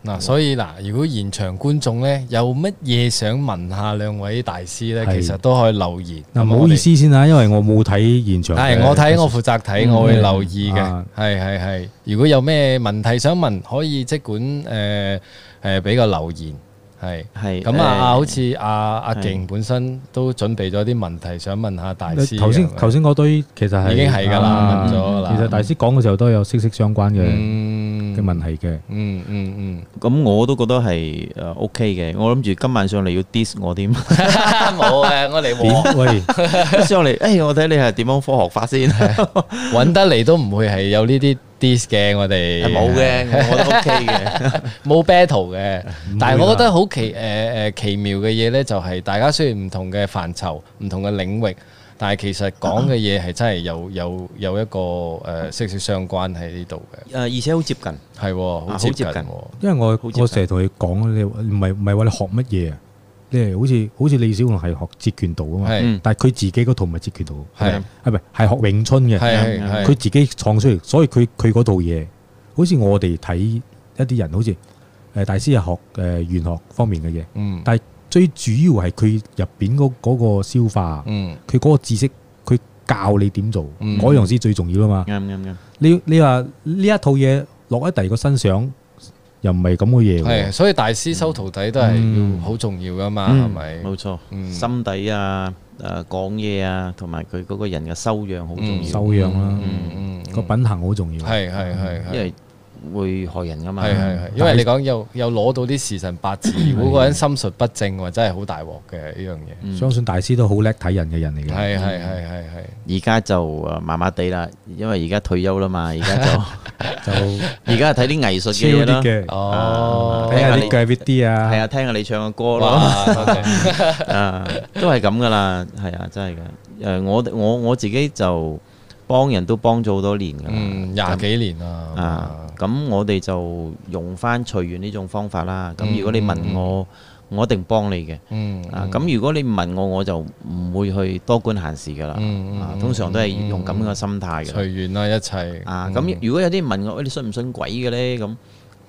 嗱，所以嗱，如果現場觀眾咧有乜嘢想問下兩位大師咧，其實都可以留言。嗱，唔好意思先啊，因為我冇睇現場，但係我睇我負責睇，我會留意嘅，係係係。如果有咩問題想問，可以即管誒誒俾個留言。係係咁啊。好似阿阿勁本身都準備咗啲問題想問下大師剛剛，頭先頭先嗰堆其實係已經係㗎啦，啊、問咗啦。其實大師講嘅時候都有息息相關嘅，嗯。嗯問題嘅，嗯嗯嗯，咁我都覺得係誒 OK 嘅，我諗住今晚上嚟，要 diss 我添，冇誒，我嚟和，上嚟，誒，我睇你係點樣科學法先，搵得嚟都唔會係有呢啲 diss 嘅，我哋冇嘅，我都 OK 嘅，冇 battle 嘅，但係我覺得好奇誒誒奇妙嘅嘢咧，就係大家雖然唔同嘅範疇，唔同嘅領域。但係其實講嘅嘢係真係有有有一個誒息息相關喺呢度嘅。誒而且好接近，係好、啊、接近。因為我我成日同佢講咧，唔係唔係話你學乜嘢啊？即係好似好似李小龍係學截拳道啊嘛。係但係佢自己嗰套咪截拳道，係係咪係學詠春嘅？佢係自己創出嚟，所以佢佢嗰套嘢，好似我哋睇一啲人，好似誒大師係學誒玄學方面嘅嘢。但係係。嗯最主要係佢入邊嗰嗰個消化，佢嗰個知識，佢教你點做，嗰樣先最重要吖嘛。啱啱啱，你你話呢一套嘢落喺第二個身上，又唔係咁嘅嘢。係，所以大師收徒弟都係好重要㗎嘛，係咪？冇錯，心底啊，誒講嘢啊，同埋佢嗰個人嘅修養好重要。修養啦，個品行好重要。係係係係。會害人噶嘛？係係係，因為你講又有攞到啲時辰八字，如果個人心術不正，或者係好大鑊嘅呢樣嘢。相信大師都好叻睇人嘅人嚟嘅。係係係係係，而家就誒，麻麻地啦，因為而家退休啦嘛，而家就就而家睇啲藝術嘅。哦，聽下啲鬼啲啊，係啊，聽下你唱嘅歌咯。啊，都係咁噶啦，係啊，真係嘅。誒，我我我自己就幫人都幫咗好多年噶，嗯，廿幾年啦。啊。咁我哋就用翻隨緣呢種方法啦。咁如果你問我，我一定幫你嘅。嗯。啊，咁如果你唔問我，我就唔會去多管閒事噶啦、嗯啊。通常都係用咁嘅心態嘅。隨緣啦、啊，一切。嗯、啊，咁如果有啲人問我，喂，你信唔信鬼嘅咧？咁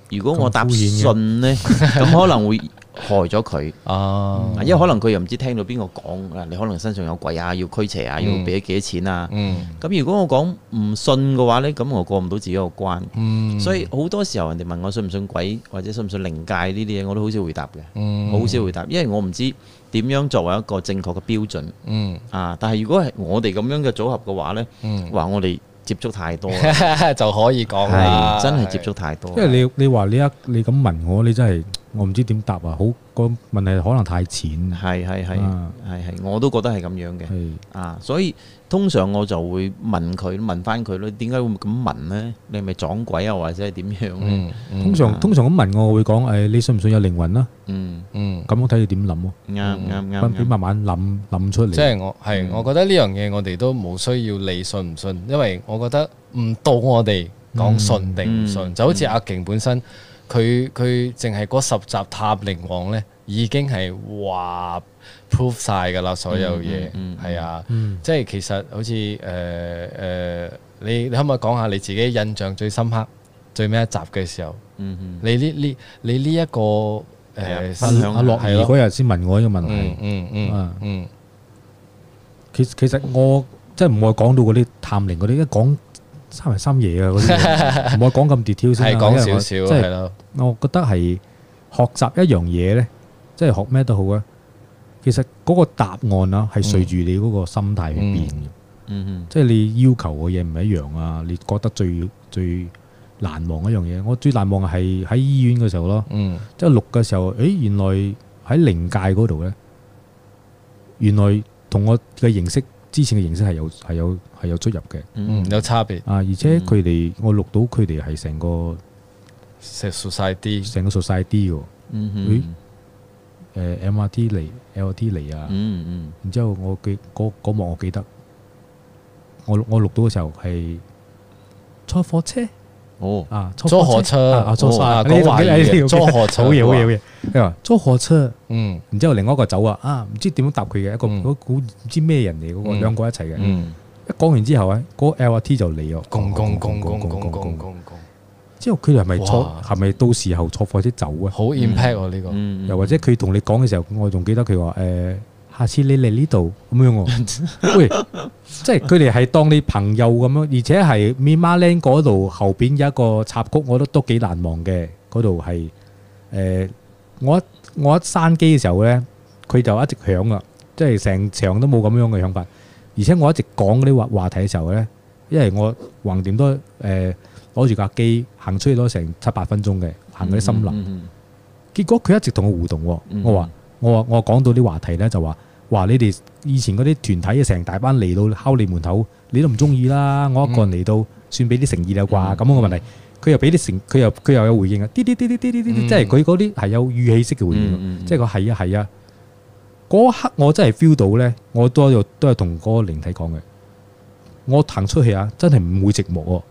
如果我答信呢，咁 [laughs] 可能會。害咗佢哦，啊、因為可能佢又唔知聽到邊個講，你可能身上有鬼啊，要驅邪啊，要俾幾多錢啊。咁、嗯、如果我講唔信嘅話呢，咁我過唔到自己個關。嗯、所以好多時候人哋問我信唔信鬼或者信唔信靈界呢啲嘢，我都好少回答嘅。嗯、我好少回答，因為我唔知點樣作為一個正確嘅標準。嗯、啊，但係如果係我哋咁樣嘅組合嘅話呢，話、嗯、我哋。接觸太多 [laughs] 就可以講係真係接觸太多。是是因為你你話呢一你咁問我，你真係我唔知點答啊！好，個問題可能太淺。係係係係係，我都覺得係咁樣嘅。是啊，所以。通常我就會問佢，問翻佢咯，點解會咁問呢？你係咪撞鬼啊？或者係點樣？啊嗯嗯通？通常通常咁問我會講誒、哎，你信唔信有靈魂啊？嗯嗯，咁我睇你點諗？啱啱啱，俾慢慢諗諗出嚟。即係我係，我覺得呢樣嘢我哋都冇需要理信唔信，因為我覺得唔到我哋講信定唔信，嗯嗯嗯、就好似阿瓊本身，佢佢淨係嗰十集塔靈王呢，已經係話。proof 曬噶啦，所有嘢，係啊，即係其實好似誒誒，你你可唔可以講下你自己印象最深刻、最尾一集嘅時候？嗯嗯，你呢呢你呢一個誒分享嗰日先問我呢個問題，嗯嗯啊嗯，其實其實我即係唔會講到嗰啲探靈嗰啲，一講三日三夜啊嗰啲，唔會講咁 detail 先，係講少少，係咯。我覺得係學習一樣嘢咧，即係學咩都好啊。其實嗰個答案啊，係隨住你嗰個心態去變嘅，嗯嗯、即係你要求嘅嘢唔一樣啊！你覺得最最難忘一樣嘢，我最難忘係喺醫院嘅時候咯，即係錄嘅時候，誒、嗯，原來喺靈界嗰度咧，原來同我嘅認識之前嘅認識係有係有係有出入嘅，嗯、有差別啊！而且佢哋、嗯、我錄到佢哋係成個成個 society，成個 society 喎，嗯嗯誒，MRT 嚟，LRT 嚟啊！嗯嗯，然之後我記嗰嗰幕我記得，我我錄到嘅時候係坐火車哦，啊坐火車啊坐啊嗰坐火車坐火車嗯，然之後另外一個走啊，啊唔知點樣搭佢嘅一個唔知咩人嚟嗰個，兩個一齊嘅，一講完之後咧，嗰 LRT 就嚟哦，之後佢哋係咪坐？係咪哇到時候坐火車走啊？好 impact 呢個，嗯，又或者佢同你講嘅時候，我仲記得佢話：誒、呃，下次你嚟呢度咁樣喎。喂， [laughs] 即係佢哋係當你朋友咁樣，而且係 m i m 嗰度後邊有一個插曲我，我覺得都幾難忘嘅。嗰度係誒，我一我一閂機嘅時候咧，佢就一直響啊，即係成場都冇咁樣嘅響法。而且我一直講嗰啲話話題嘅時候咧，因為我橫掂都誒。呃攞住架機行出去，多成七八分鐘嘅行嗰啲森林。結果佢一直同我互動。我話我話我話講到啲話題咧，就話話你哋以前嗰啲團體成大班嚟到敲你門口，你都唔中意啦。我一個人嚟到，算俾啲誠意啦啩。咁個問題，佢又俾啲成佢又佢又有回應啊，啲啲啲啲啲啲啲即係佢嗰啲係有語氣式嘅回應。即係佢係啊係啊嗰刻，我真係 feel 到咧，我都又都係同嗰個靈體講嘅。我行出去啊，真係唔會寂寞。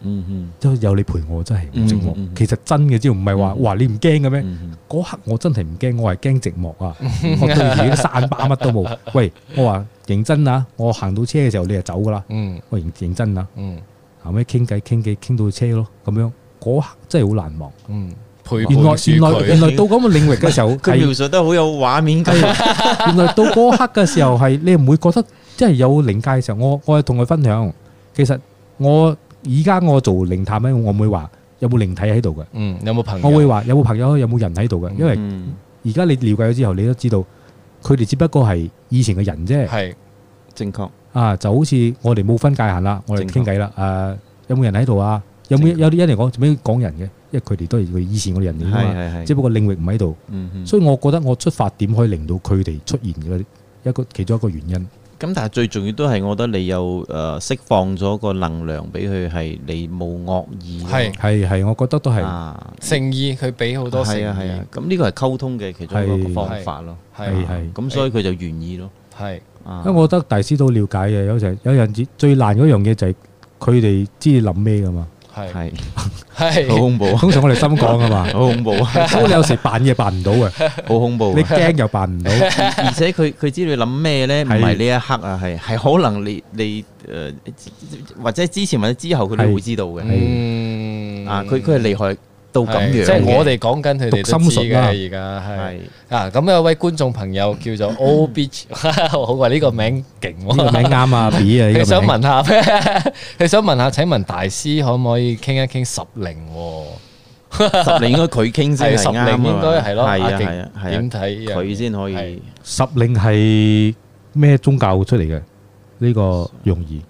嗯嗯，都有你陪我真係唔寂寞。其實真嘅，即係唔係話哇你唔驚嘅咩？嗰刻我真係唔驚，我係驚寂寞啊！我對自己散把乜都冇。喂，我話認真啊，我行到車嘅時候你就走噶啦。我認真啊。嗯，後屘傾偈傾偈傾到車咯，咁樣嗰刻真係好難忘。原來原來到咁嘅領域嘅時候，佢描述得好有畫面感。原來到嗰刻嘅時候係你唔會覺得即係有靈界嘅時候，我我係同佢分享，其實我。而家我做靈探咧，我唔會話有冇靈體喺度嘅。嗯，有冇朋友？我會話有冇朋友，有冇人喺度嘅。因為而家你了解咗之後，你都知道佢哋只不過係以前嘅人啫。係正確。啊，就好似我哋冇分界限啦，我哋傾偈啦。誒正確，有冇人喺度啊？有冇有啲人嚟講，做咩講人嘅，因為佢哋都係佢以前嘅人嚟噶嘛。係係係。只不過領域唔喺度。嗯嗯。所以我覺得我出發點可以令到佢哋出現嘅一個其中一個原因。咁但係最重要都係，我覺得你又誒釋放咗個能量俾佢，係你冇惡意。係係係，我覺得都係、啊、誠意，佢俾好多誠意啊！係啊，咁呢個係溝通嘅其中一個方法咯。係係，咁、啊、所以佢就願意咯。係啊，因為我覺得大師都了解嘅。有時有陣時，有時最難嗰樣嘢就係佢哋知你諗咩噶嘛。係係好恐怖，通常我哋心講啊嘛，好 [laughs] 恐怖。所以 [laughs] 你有時扮嘢扮唔到 [laughs] 啊，好恐怖。你驚又扮唔到，而且佢佢知道你諗咩咧，唔係呢一刻啊，係係是可能你你誒、呃，或者之前或者之後佢哋會知道嘅。係是、嗯、啊，佢佢係厲害。到咁樣，即係我哋講緊佢哋都知嘅而家係。啊，咁有位觀眾朋友叫做 Old Beach，好啊，呢個名勁喎，呢名啱啊 B 啊。你想問下咩？你想問下？請問大師可唔可以傾一傾十零？十零應該佢傾先，十零應該係咯。係啊，係啊，點睇佢先可以？十零係咩宗教出嚟嘅？呢個容易？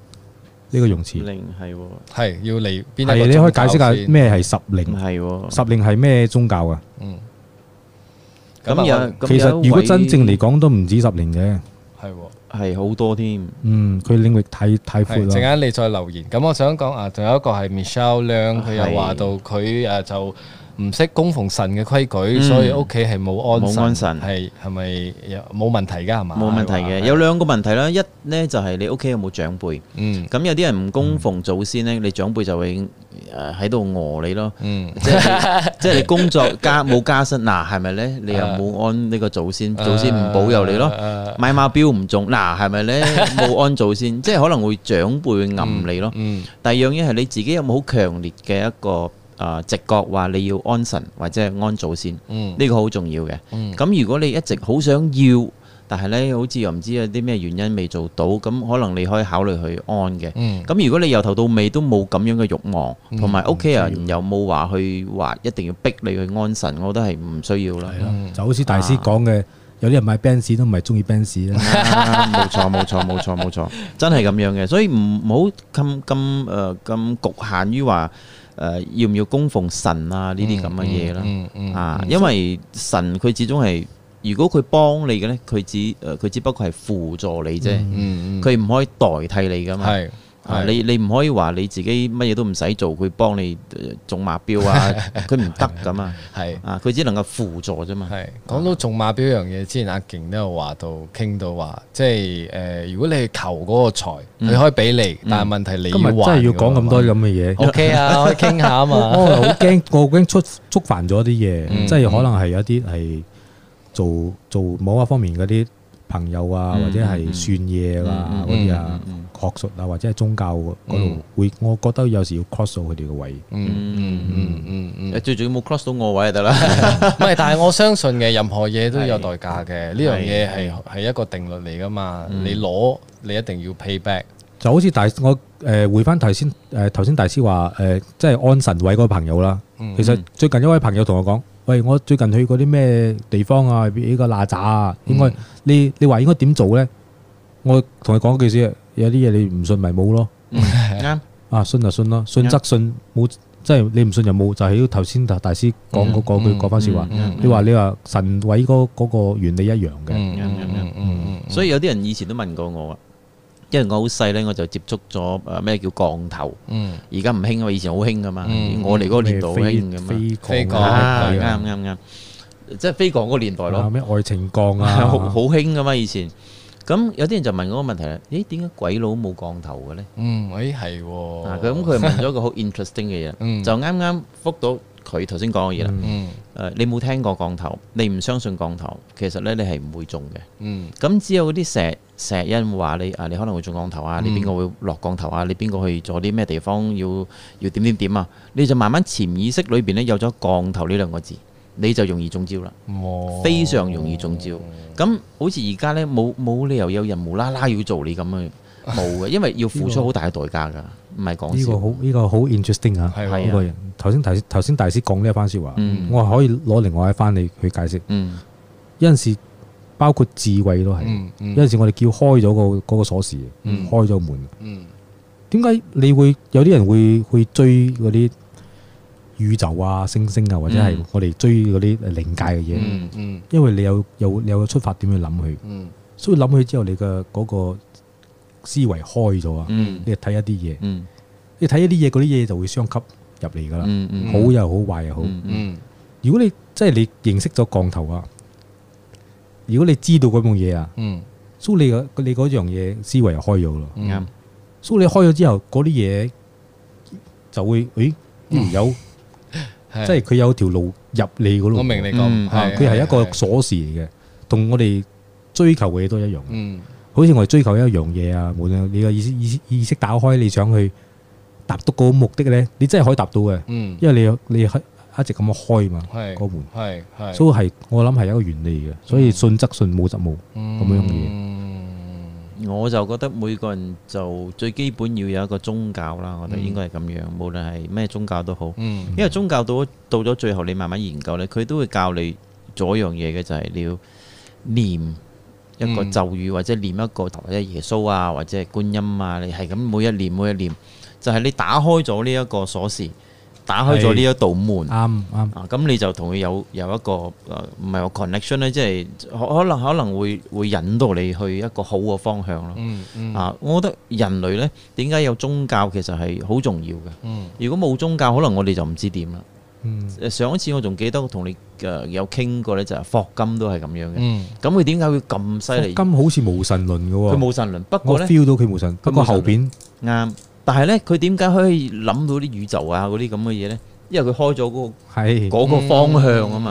呢個用詞十零係喎，係要嚟邊一個宗教先？係你可以解釋下咩係十零？係喎，十零係咩宗教啊？嗯，咁啊，其實如果真正嚟講都唔止十零嘅，係喎，係好多添。嗯，佢領域太太闊啦。陣間你再留言。咁我想講啊，仲有一個係 Michelle 梁，佢又話到佢誒就。唔識供奉神嘅規矩，所以屋企係冇安神，冇安神，係係咪有冇問題㗎？係嘛？冇問題嘅，有兩個問題啦。一咧就係你屋企有冇長輩，咁有啲人唔供奉祖先咧，你長輩就會誒喺度餓你咯。即係即係你工作加冇加薪嗱，係咪咧？你又冇安呢個祖先，祖先唔保佑你咯。買馬標唔中嗱，係咪咧？冇安祖先，即係可能會長輩暗你咯。第二樣嘢係你自己有冇好強烈嘅一個。啊！直覺話你要安神或者係安祖先，呢個好重要嘅。咁如果你一直好想要，但係呢好似又唔知有啲咩原因未做到，咁可能你可以考慮去安嘅。咁如果你由頭到尾都冇咁樣嘅慾望，同埋屋企人又冇話去話一定要逼你去安神，我覺得係唔需要啦。就好似大師講嘅，有啲人買 Benz 都唔係鍾意 Benz 啦，冇錯冇錯冇錯冇錯，真係咁樣嘅。所以唔好咁咁誒咁侷限於話。誒要唔要供奉神啊？呢啲咁嘅嘢啦，嗯嗯嗯嗯、啊，嗯、因為神佢始終係，如果佢幫你嘅咧，佢只誒佢只不過係輔助你啫，佢唔、嗯嗯、可以代替你㗎嘛。係。你你唔可以話你自己乜嘢都唔使做，佢幫你中馬標啊！佢唔得㗎嘛，係啊 [laughs] 是！佢只能夠輔助啫嘛。係講到中馬標呢樣嘢之前阿，阿勁都有話到傾到話，即係誒，如果你係求嗰個財，佢、嗯、可以俾你，嗯、但係問題你要的的話真要講咁多咁嘅嘢。O K 啊，可以傾下啊嘛。哦，好驚，我驚觸觸，觸犯咗啲嘢， [laughs] 嗯、 [laughs] 即係可能係有啲係做做某一方面嗰啲。朋友啊，或者係算嘢啊，嗰啲啊，學術啊，或者係宗教嗰度，會我覺得有時要 cross 到佢哋嘅位。嗯，嗯嗯嗯嗯嗯，最主要冇 cross 到我位就得啦。 [laughs] 唔 [laughs] 係，但係我相信嘅任何嘢都有代價嘅，呢樣嘢係係一個定律嚟㗎嘛。是的 你攞你一定要 pay back、嗯。就好似大我誒回翻頭先誒頭先大師話誒，即係安神位嗰個朋友啦。其實最近一位朋友同我講。喂，我最近去過啲咩地方啊？呢個哪吒啊，應該你你話應該點做咧？我同你講句先，有啲嘢你唔信咪冇咯。啱、嗯嗯、啊，信就信咯，信則信，冇即係你唔信就冇，就係啲頭先大大師講嗰句講翻說話。你話你話神位嗰嗰個原理一樣嘅、嗯嗯嗯嗯嗯，所以有啲人以前都問過我啊。因為我好細咧，我就接觸咗咩叫降頭。嗯。而家唔興啊，以前好興噶嘛。嗯。我哋嗰個年代好興噶嘛。飛降啊！啱啱啱。即係飛降嗰個年代咯。咩愛情降啊？好好興噶嘛以前。咁有啲人就問嗰個問題啦。咦？點解鬼佬冇降頭嘅咧？嗯。誒，係。啊。咁佢問咗個好 interesting 嘅嘢。嗯。就啱啱復到佢頭先講嘅嘢啦。嗯。誒，你冇聽過降頭，你唔相信降頭，其實咧你係唔會中嘅。嗯。咁只有嗰啲石石因話你啊，你可能會中降頭啊，你邊個會落降頭啊？你邊個去做啲咩地方要要點點點啊？你就慢慢潛意識裏邊咧有咗降頭呢兩個字，你就容易中招啦，哦、非常容易中招。咁好似而家咧冇冇理由有人無啦啦要做你咁樣冇嘅，因為要付出好大嘅代價㗎，唔係講。呢、呢個好呢、呢個好 interesting 是啊！呢個人頭先頭先大師講呢一番說話，嗯、我可以攞另外一番你去解釋。嗯、有陣時。嗯嗯包括智慧，都係有陣時我哋叫開咗個嗰個鎖匙，開咗門。點解、嗯、你會有啲人會去追嗰啲宇宙啊、星星啊，或者係我哋追嗰啲靈界嘅嘢？嗯嗯、因為你有有你有個出發點去諗佢，所以諗佢之後，你嘅嗰個思維開咗啊！嗯、你睇一啲嘢，嗯、你睇一啲嘢，嗰啲嘢就會相吸入嚟噶啦。好又好壞又好、嗯。如果你即係你認識咗降頭啊。如果你知道嗰樣嘢啊，嗯、所以你個你嗰樣嘢思維又開咗咯。嗯、所以你開咗之後，嗰啲嘢就會誒、欸、有，嗯、即係佢有條路入你嗰度。我明你講，佢係一個鎖匙嚟嘅，同我哋追求嘅嘢都一樣。嗯、好似我哋追求一樣嘢啊，無論你嘅意識意意識打開，你想去達到個目的咧，你真係可以達到嘅。嗯、因為你你有。一直咁樣開嘛，嗰門，所以係，我諗係一個原理嘅，所以信則信，冇則冇，咁樣嘅嘢。我就覺得每個人就最基本要有一個宗教啦，我覺得應該係咁樣，無論係咩宗教都好。因為宗教到到咗最後，你慢慢研究咧，佢都會教你咗樣嘢嘅，就係你要念一個咒語，或者念一個或者耶穌啊，或者係觀音啊，你係咁每一念每一念，就係你打開咗呢一個鎖匙。打開咗呢一道門，啱啱啊，咁你就同佢有有一個誒，唔係話 connection 咧，即係可可能可能會會引導你去一個好嘅方向咯。嗯嗯啊，我覺得人類咧點解，有宗教其實係好重要嘅。嗯，如果冇宗教，可能我哋就唔知點啦。嗯，上一次我仲記得同你誒有傾過咧，就係霍金都係咁樣嘅。嗯，咁佢點解會咁犀利？霍金好似無神論嘅喎，佢無神論，不過咧，我 feel 到佢無神，不過後邊啱。但係咧，佢點解可以諗到啲宇宙啊嗰啲咁嘅嘢呢？因為佢開咗嗰、嗰個、是個方向啊嘛。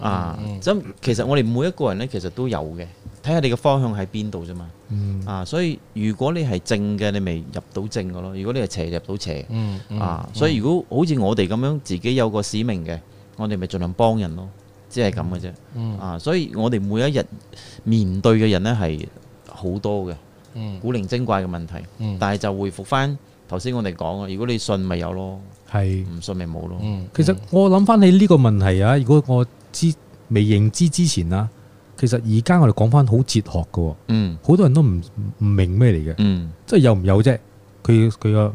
啊，咁、嗯嗯、其實我哋每一個人呢，其實都有嘅，睇下你嘅方向喺邊度啫嘛。嗯、啊，所以如果你係正嘅，你咪入到正嘅咯；如果你係邪，入到邪。嗯嗯、啊，所以如果好似我哋咁樣，自己有個使命嘅，我哋咪盡量幫人咯，即係咁嘅啫。啊，所以我哋每一日面對嘅人呢，係好多嘅。古靈精怪嘅問題，嗯、但係就回覆翻頭先我哋講嘅：如果你信咪有咯，係是，唔信咪冇咯。嗯嗯、其實我諗翻起呢個問題啊，如果我知未認知之前啊，其實而家我哋講翻好哲學㗎，嗯，好多人都唔唔明咩嚟嘅，嗯，即係有唔有啫，佢佢個。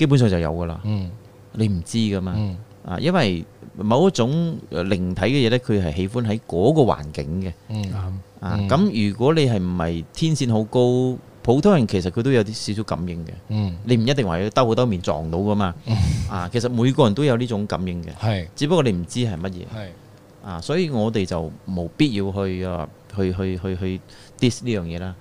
基本上就有噶啦，你唔知噶嘛，啊，因為某一種靈體嘅嘢呢，佢係喜歡喺嗰個環境嘅，啊，咁如果你係唔係天線好高，普通人其實佢都有啲少少感應嘅，你唔一定話要兜好兜面撞到噶嘛，啊，其實每個人都有呢種感應嘅，只不過你唔知係乜嘢，啊，所以我哋就冇必要去啊，去去去去 diss 呢樣嘢啦，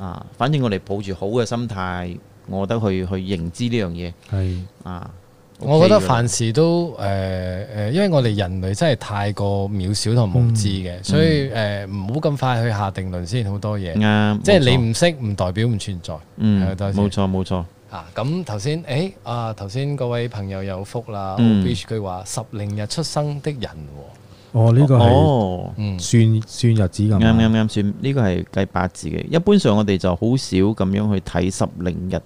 啊，反正我哋抱住好嘅心態。我覺得去去認知呢樣嘢係啊，我覺得凡事都誒誒、呃，因為我哋人類真係太過渺小同無知嘅，嗯、所以誒唔好咁快去下定論先，好多嘢，啱，即係你唔識唔代表唔存在，嗯，冇錯冇錯啊。咁頭先誒啊，頭先各位朋友有福啦，我俾句話：嗯、十零日出生的人、哦。哦，呢、這個係算、哦、算，算日子咁，啱啱啱，算，呢個係計八字嘅。一般上我哋就好少咁樣去睇十零日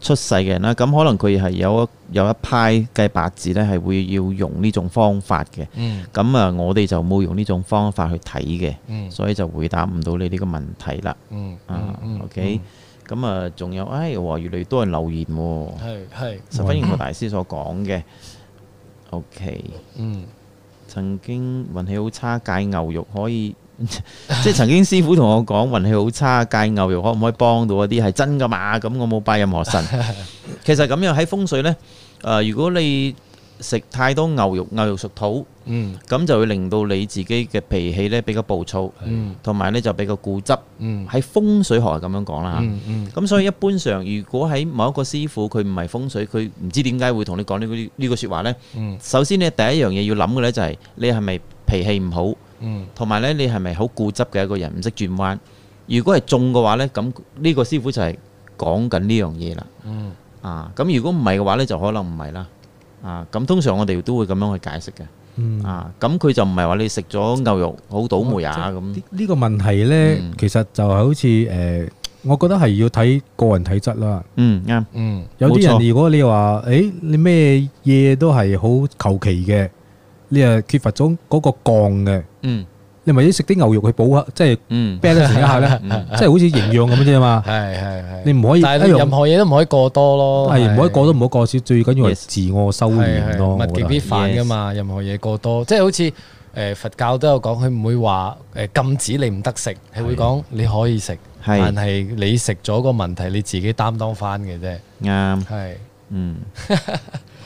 出世嘅人啦。咁可能佢係有一有一派計八字咧，係會要用呢種方法嘅。嗯，咁啊，我哋就冇用呢種方法去睇嘅。所以就回答唔到你呢個問題啦。OK 咁啊，仲有，哎，越嚟越多人留言，係係，嗯、十分應和大師所講嘅。OK，嗯。嗯嗯曾經運氣好差戒牛肉可以， [laughs] 即係曾經師傅同我講運氣好差戒牛肉可唔可以幫到一啲係真㗎嘛？咁我冇拜任何神， [laughs] 其實咁樣喺風水呢，誒、呃、如果你。食太多牛肉，牛肉屬土，咁就會令到你自己嘅脾氣咧比較暴躁，同埋咧就比較固執。喺風水學係咁樣講啦嚇，咁所以一般上，如果喺某一個師傅佢唔係風水，佢唔知點解會同你講呢個呢個説話咧。首先咧第一樣嘢要諗嘅咧就係你係咪脾氣唔好，同埋咧你係咪好固執嘅一個人唔識轉彎？如果係中嘅話咧，咁呢個師傅就係講緊呢樣嘢啦。啊，咁如果唔係嘅話咧，就可能唔係啦。啊，咁通常我哋都會咁樣去解釋嘅。嗯，啊，咁佢就唔係話你食咗牛肉好倒楣呀咁。呢、啊啊、個問題呢，嗯、其實就係好似誒、呃，我覺得係要睇個人體質啦。嗯，啱。嗯，沒錯 有啲人如果你話，誒、哎，你咩嘢都係好求其嘅，你啊缺乏咗嗰個鋼嘅。嗯。嗯你咪要食啲牛肉去補下，即係 balance 一下咧，即係好似營養咁啫嘛。係係係，你唔可以任何嘢都唔可以過多咯。係唔可以過多，唔好過少，最緊要係自我修養咯。物極必反噶嘛，任何嘢過多，即係好似誒佛教都有講，佢唔會話誒禁止你唔得食，係會講你可以食，但係你食咗個問題你自己擔當翻嘅啫。啱，係，嗯。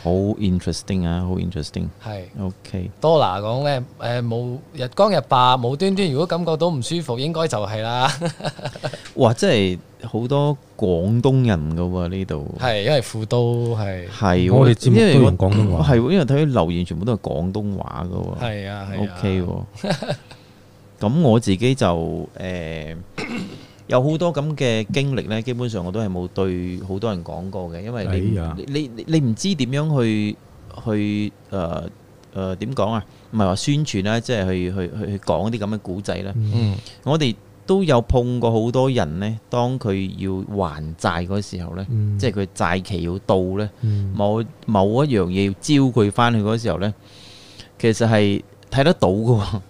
好 interesting 啊，好 interesting。係是，OK。Dora 講咧，誒冇日光日白，無端端如果感覺到唔舒服，應該就係啦。 [laughs] 哇，真係好多廣東人㗎喎，呢度。係，因為富都係。係，我哋知唔知用廣東話。係因為睇佢留言全部都係廣東話㗎喎。係啊，係啊。OK 喎、 [laughs] 啊。咁我自己就誒。呃 [coughs] 有好多咁嘅經歷呢，基本上我都係冇對好多人講過嘅，因為你、哎、呀你你唔知點樣去去誒誒點講啊？唔係話宣傳啦，即係去去去，去講啲咁嘅古仔啦。嗯、我哋都有碰過好多人呢，當佢要還債嗰時候呢，嗯、即係佢債期要到呢、嗯，某某一樣嘢要招佢翻去嗰時候呢，其實係睇得到㗎。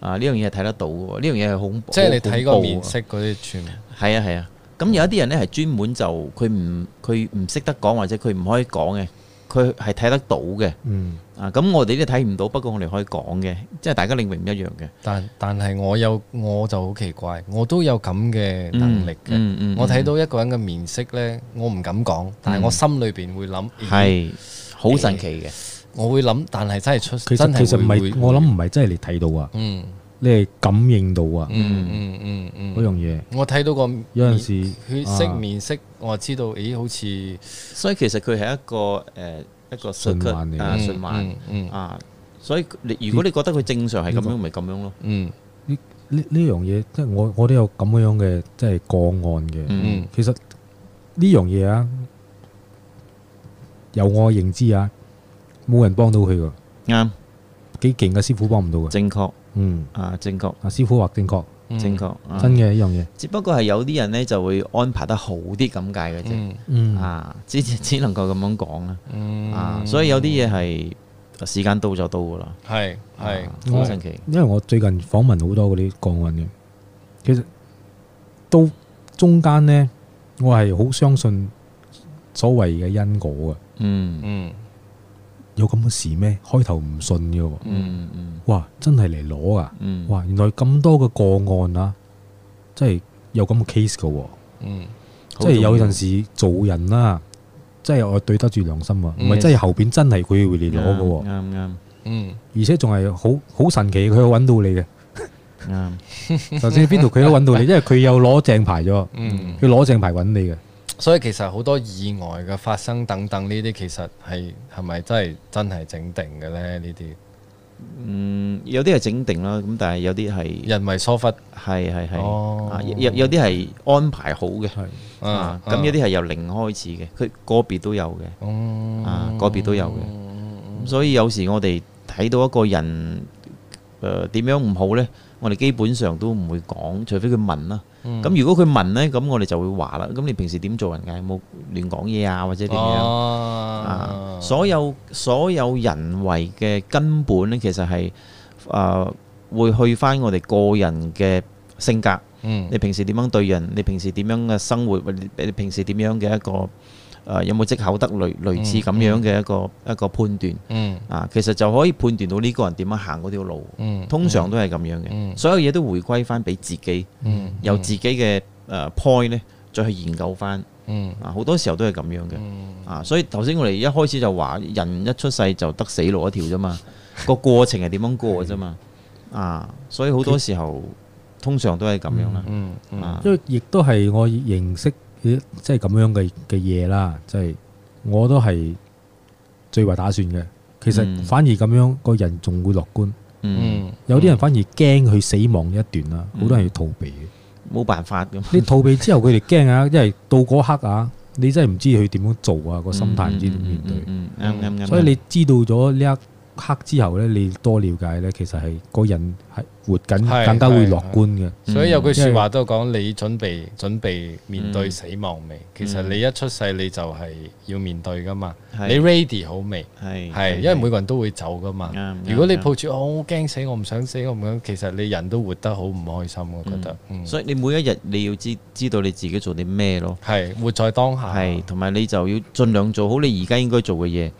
啊！呢樣嘢係睇得到嘅喎，呢樣嘢係好恐怖，即係你睇個面色嗰啲全部。係啊係啊，咁、啊、有一啲人呢係專門就佢唔佢唔識得講或者佢唔可以講嘅，佢係睇得到嘅。咁、嗯啊、我哋都睇唔到，不過我哋可以講嘅，即係大家領域唔一樣嘅。但但係我有我就好奇怪，我都有咁嘅能力嘅。嗯嗯嗯、我睇到一個人嘅面色呢，我唔敢講，但係我心裏邊會諗係好神奇嘅。我會諗，但係真係出，其實其實唔係，我諗唔係真係你睇到啊，你係感應到啊，嗰樣嘢。我睇到個有陣時血色面色，我知道，咦，好似，所以其實佢係一個誒一個循環啊，循環，嗯啊，所以你如果你覺得佢正常係咁樣，咪咁樣咯，呢呢樣嘢，即係我我都有咁樣嘅，即係個案嘅，其實呢樣嘢啊，由我認知啊。冇人幫到佢㗎，啱幾勁嘅師傅幫唔到嘅，正確，嗯啊，正確啊，師傅話正確，正確真嘅呢樣嘢。只不過係有啲人呢就會安排得好啲咁解嘅啫，啊只只能夠咁樣講啦，啊所以有啲嘢係時間到就到噶啦，係，係好神奇。因為我最近訪問好多嗰啲個案嘅，其實都中間呢，我係好相信所謂嘅因果嘅，嗯嗯。有咁嘅事咩？開頭唔信嘅，嗯嗯、哇，真係嚟攞啊！嗯、哇，原來咁多嘅個案啊，真係嗯、即係有咁嘅 case 嘅，即係有陣時做人啦，即係我對得住良心啊，唔係真係後邊真係佢會嚟攞嘅，啱啱、嗯，嗯，嗯而且仲係好好神奇，佢有揾到你嘅，啱、 [laughs] 嗯，頭先邊度佢都揾到你，因為佢有攞正牌咗，佢攞正牌揾你嘅。所以其實好多意外嘅發生等等呢啲，其實係係咪真係真係整定嘅咧？呢啲嗯，有啲係整定啦，咁但係有啲係，人為疏忽，係係係，有有啲係安排好嘅，咁有啲係由零開始嘅，佢個別都有嘅，嗯、啊，個別都有嘅，所以有時我哋睇到一個人。誒點樣唔好呢？我哋基本上都唔會講，除非佢問啦。咁如果佢問呢，咁我哋就會話啦。咁你平時點做人嘅？有冇亂講嘢啊，或者點樣啊？所有所有人為嘅根本呢，其實係誒會去返我哋個人嘅性格。嗯，你平時點樣對人？你平時點樣嘅生活？或者你平時點樣嘅一個？誒有冇即口得類類似咁樣嘅一個一個判斷，啊其實就可以判斷到呢個人點樣行嗰條路，通常都係咁樣嘅，所有嘢都回歸翻俾自己，由自己嘅誒 point 咧再去研究翻，啊好多時候都係咁樣嘅，啊所以頭先我哋一開始就話人一出世就得死路一條啫嘛，個過程係點樣過嘅啫嘛，啊所以好多時候通常都係咁樣啦，啊即係亦都係我認識。即係咁樣嘅嘅嘢啦，即、就、係、是、我都係最為打算嘅。其實反而咁樣，個人仲會樂觀嗯。嗯，有啲人反而驚佢死亡一段啦，好、嗯、多人要逃避，冇辦法咁。你逃避之後佢哋驚啊， [laughs] 因為到嗰刻啊，你真係唔知佢點樣做啊，個心態唔知點面對。啱啱啱。嗯嗯嗯嗯嗯、所以你知道咗呢一？黑之後咧，你多了解咧，其實係個人係活緊更加會樂觀嘅。所以有句說話都講：你準備準備面對死亡未？其實你一出世你就係要面對噶嘛。你 ready 好未？係因為每個人都會走噶嘛。如果你抱住我好驚死我唔想死我唔想，其實你人都活得好唔開心。我覺得，所以你每一日你要知知道你自己做啲咩咯。係活在當下，係同埋你就要盡量做好你而家應該做嘅嘢。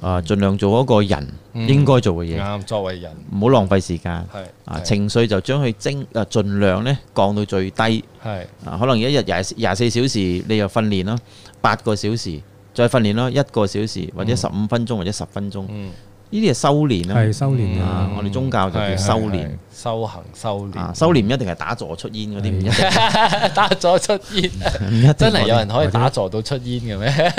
啊，盡量做一個人應該做嘅嘢。作為人，唔好浪費時間，嗯啊。啊，情緒就將佢精啊，盡量呢降到最低。係啊，可能一日廿廿四小時，你又訓練咯，八個小時再訓練咯，一個小時或者十五分鐘，嗯、或者十分鐘。嗯。呢啲係修練啦，係修練啊！我哋宗教就叫修練、修行、修練。修練唔一定係打坐出煙嗰啲，唔一定打坐出煙。真係有人可以打坐到出煙嘅咩？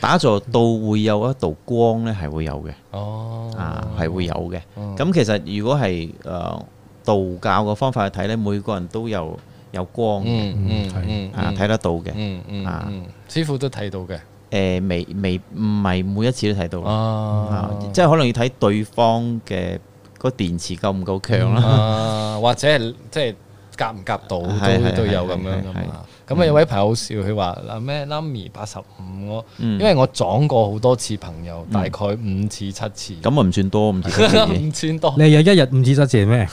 打坐到會有一道光咧，係會有嘅。哦，啊，係會有嘅。咁其實如果係誒道教嘅方法去睇咧，每個人都有有光嘅，嗯，係，啊，睇得到嘅，嗯嗯，啊，師傅都睇到嘅。誒，未未唔係每一次都睇到咯，啊嗯、即係可能要睇對方嘅個電池夠唔夠強啦，嗯啊、 [laughs] 或者係即係夾唔夾到、啊、都係係係係都有咁樣噶嘛。咁啊！嗯、有位朋友好笑佢話：嗱咩？媽咪八十五、哦，我、嗯、因為我撞過好多次朋友，大概五次七次。咁啊、嗯，唔算多咁。唔算多。你有一日五次七次咩？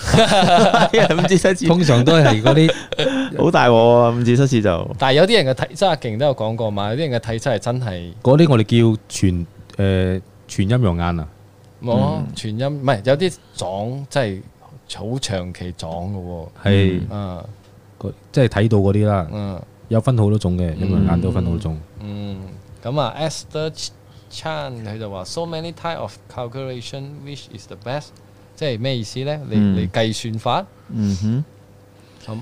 一日五次七次。通常都係嗰啲好大鑊啊。五次七次就。但係有啲人嘅體質阿勁都有講過嘛，有啲人嘅體質係真係。嗰啲我哋叫全誒、呃、全陰陽眼啊！冇、嗯、全陰唔係有啲撞真係好長期撞嘅喎。係、嗯嗯、啊。即係睇到嗰啲啦，嗯、有分好多種嘅，因為眼都分好多種。嗯，咁、嗯、啊，S. Chan 佢就話：so many type of calculation which is the best，即係咩意思呢？嗯、你你計算法。嗯哼。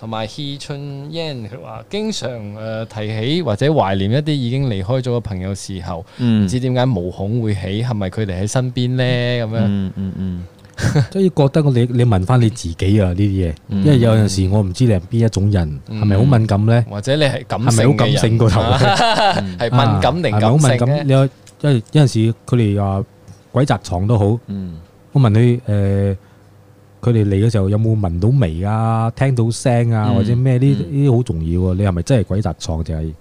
同埋 He Chun Yan 佢話：經常誒提起或者懷念一啲已經離開咗嘅朋友時候，唔、嗯、知點解毛孔會起，係咪佢哋喺身邊呢？咁樣。嗯嗯。嗯嗯。所以覺得我你你問翻你自己啊，呢啲嘢，因為有陣時我唔知你係邊一種人，係咪好敏感咧？或者你係感係咪好感性過頭？係敏感定感性咧？因為有陣時佢哋話鬼壓床都好，嗯，我問你誒，佢哋嚟嘅時候有冇聞到味啊，聽到聲啊，或者咩呢？呢啲好重要啊！你係咪真係鬼壓床就係？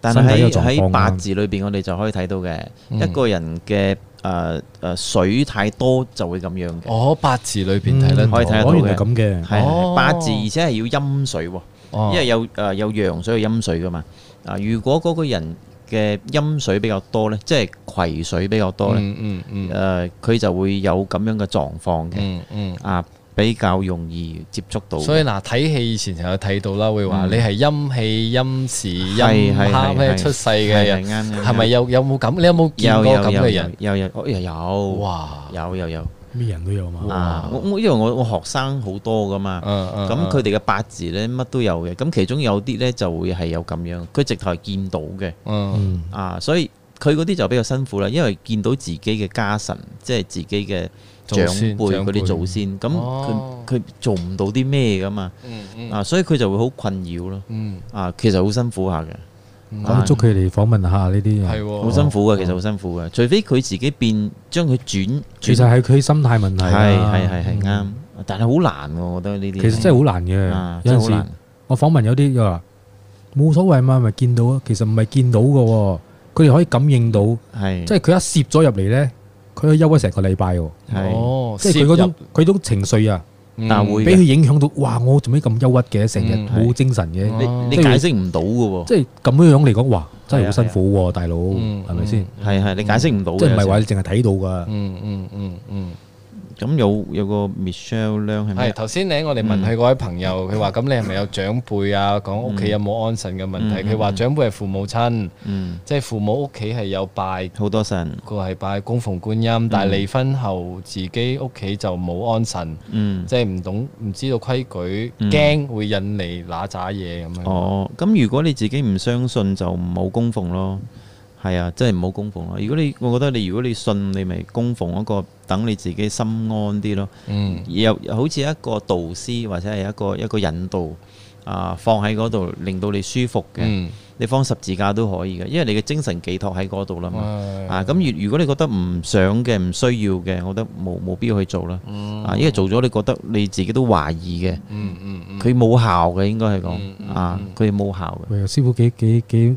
但係喺八字裏邊，我哋就可以睇到嘅一個人嘅。誒誒、呃，水太多就會咁樣嘅。哦，八字裏邊睇咧，可以睇得到嘅。原來咁嘅。係八字，而且係要陰水喎。哦、因為有誒有陽水有陰水噶嘛。啊、呃，如果嗰個人嘅陰水比較多咧，即係癸水比較多咧，誒、嗯，佢、嗯嗯呃、就會有咁樣嘅狀況嘅。嗯。啊。比較容易接觸到，所以嗱睇戲以前就有睇到啦，會話你係陰氣陰時陰蝦咩出世嘅人，係咪有有冇咁？你有冇見過咁嘅人？有有哦，有，哇，有有有，咩人都有嘛。啊，因為我我學生好多㗎嘛，咁佢哋嘅八字呢乜都有嘅，咁其中有啲呢就會係有咁樣，佢直頭係見到嘅，嗯、啊，所以佢嗰啲就比較辛苦啦，因為見到自己嘅家臣，即係自己嘅。長輩嗰啲祖先，咁佢佢做唔到啲咩噶嘛？啊，所以佢就會好困擾咯。啊，其實好辛苦下嘅，咁捉佢嚟訪問下呢啲，係好辛苦嘅，其實好辛苦嘅。除非佢自己變，將佢轉，其實係佢心態問題。係係係係啱，但係好難，我覺得呢啲其實真係好難嘅。有陣時我訪問有啲又話冇所謂嘛，咪見到啊，其實唔係見到噶，佢哋可以感應到，係即係佢一攝咗入嚟咧。佢可以憂鬱成個禮拜喎，哦、即係佢嗰種佢入種情緒啊，但會俾佢影響到，哇！我做咩咁憂鬱嘅？成日好精神嘅，你、嗯、以你解釋唔到㗎，即係咁樣樣嚟講，哇！真係好辛苦喎、啊，大佬，係咪先？係係吧、嗯，你解釋唔到，即係唔係話你淨係睇到㗎，嗯嗯嗯嗯。嗯咁有有個 Michelle 梁係咪？係頭先你我哋問佢嗰位朋友，佢話咁你係咪有長輩啊？講屋企有冇安神嘅問題？佢話長輩係父母親，即係父母屋企係有拜好多神，佢係拜供奉觀音，但係離婚後自己屋企就冇安神，即係唔懂唔知道規矩，驚會引嚟嗱咋嘢咁樣。哦，咁如果你自己唔相信就唔好供奉咯，係啊，真係唔好供奉咯。如果你我覺得你如果你信你咪供奉一個。等你自己心安啲咯，嗯，又好似一個導師或者係一個一個引導啊，放喺嗰度令到你舒服嘅，你放十字架都可以嘅，因為你嘅精神寄託喺嗰度啦嘛。啊，咁如如果你覺得唔想嘅、唔需要嘅，我覺得冇冇必要去做啦。啊，因為做咗你覺得你自己都懷疑嘅，嗯嗯嗯，佢冇效嘅應該係講啊，佢冇效嘅。係啊，師傅幾幾幾？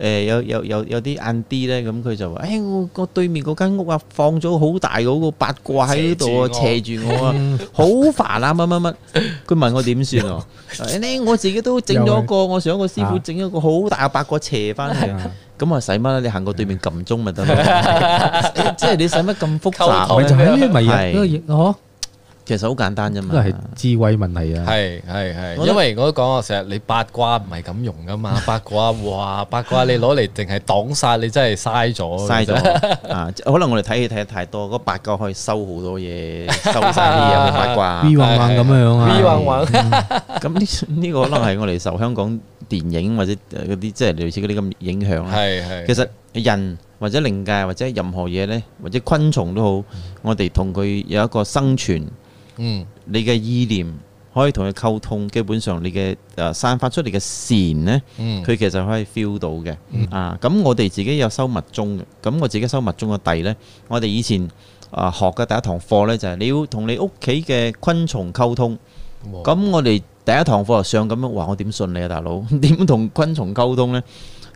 誒有有有有啲暗啲咧，咁佢就話：誒我我對面嗰間屋啊，放咗好大嗰個八卦喺嗰度啊，斜住我啊，好煩啊乜乜乜！佢問我點算啊？咧我自己都整咗個，我想個師傅整一個好大嘅八卦斜翻嚟，咁啊使乜？你行過對面撳鐘咪得咯？即係你使乜咁複雜？咪就係咪啊？其實好簡單啫嘛，都係智慧問題啊！係係係，因為我都講我成日你八卦唔係咁用噶嘛，八卦哇八卦你攞嚟淨係擋晒，你真係嘥咗嘥咗啊！可能我哋睇戲睇得太多，嗰八卦可以收好多嘢，收晒啲嘢八卦咁樣啊咁呢？呢個可能係我哋受香港電影或者嗰啲即係類似嗰啲咁影響，其實人或者靈界或者任何嘢咧，或者昆蟲都好，我哋同佢有一個生存。嗯，你嘅意念可以同佢溝通，基本上你嘅誒、呃、散發出嚟嘅善呢，佢其實可以 feel 到嘅，嗯、啊，咁我哋自己有收密宗嘅，咁我自己收密宗嘅弟呢。我哋以前誒、呃、學嘅第一堂課呢，就係、是、你要同你屋企嘅昆蟲溝通，咁哇 我哋第一堂課上咁樣話我點信你啊大佬？點 [laughs] 同昆蟲溝通呢？」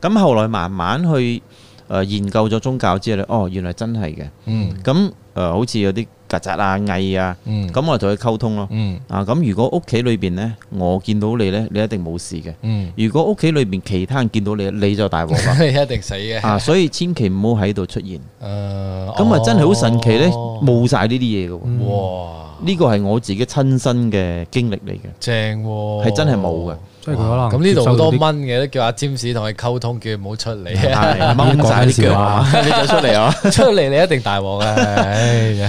咁後來慢慢去誒、呃、研究咗宗教之後咧，哦，原來真係嘅，咁誒好似有啲。嗯曱甴啊、蟻啊，咁我同佢溝通咯。啊，咁如果屋企裏邊咧，我見到你咧，你一定冇事嘅。如果屋企裏邊其他人見到你，你就大鑊啦。一定死嘅。啊，所以千祈唔好喺度出現。咁啊，真係好神奇咧，冇曬呢啲嘢嘅。哇！呢個係我自己親身嘅經歷嚟嘅。正喎，係真係冇嘅。所以佢可能……咁呢度好多蚊嘅，都叫阿 James 同佢溝通，叫佢唔好出嚟啊！掹曬啲腳，你再出嚟啊！出嚟你一定大鑊嘅。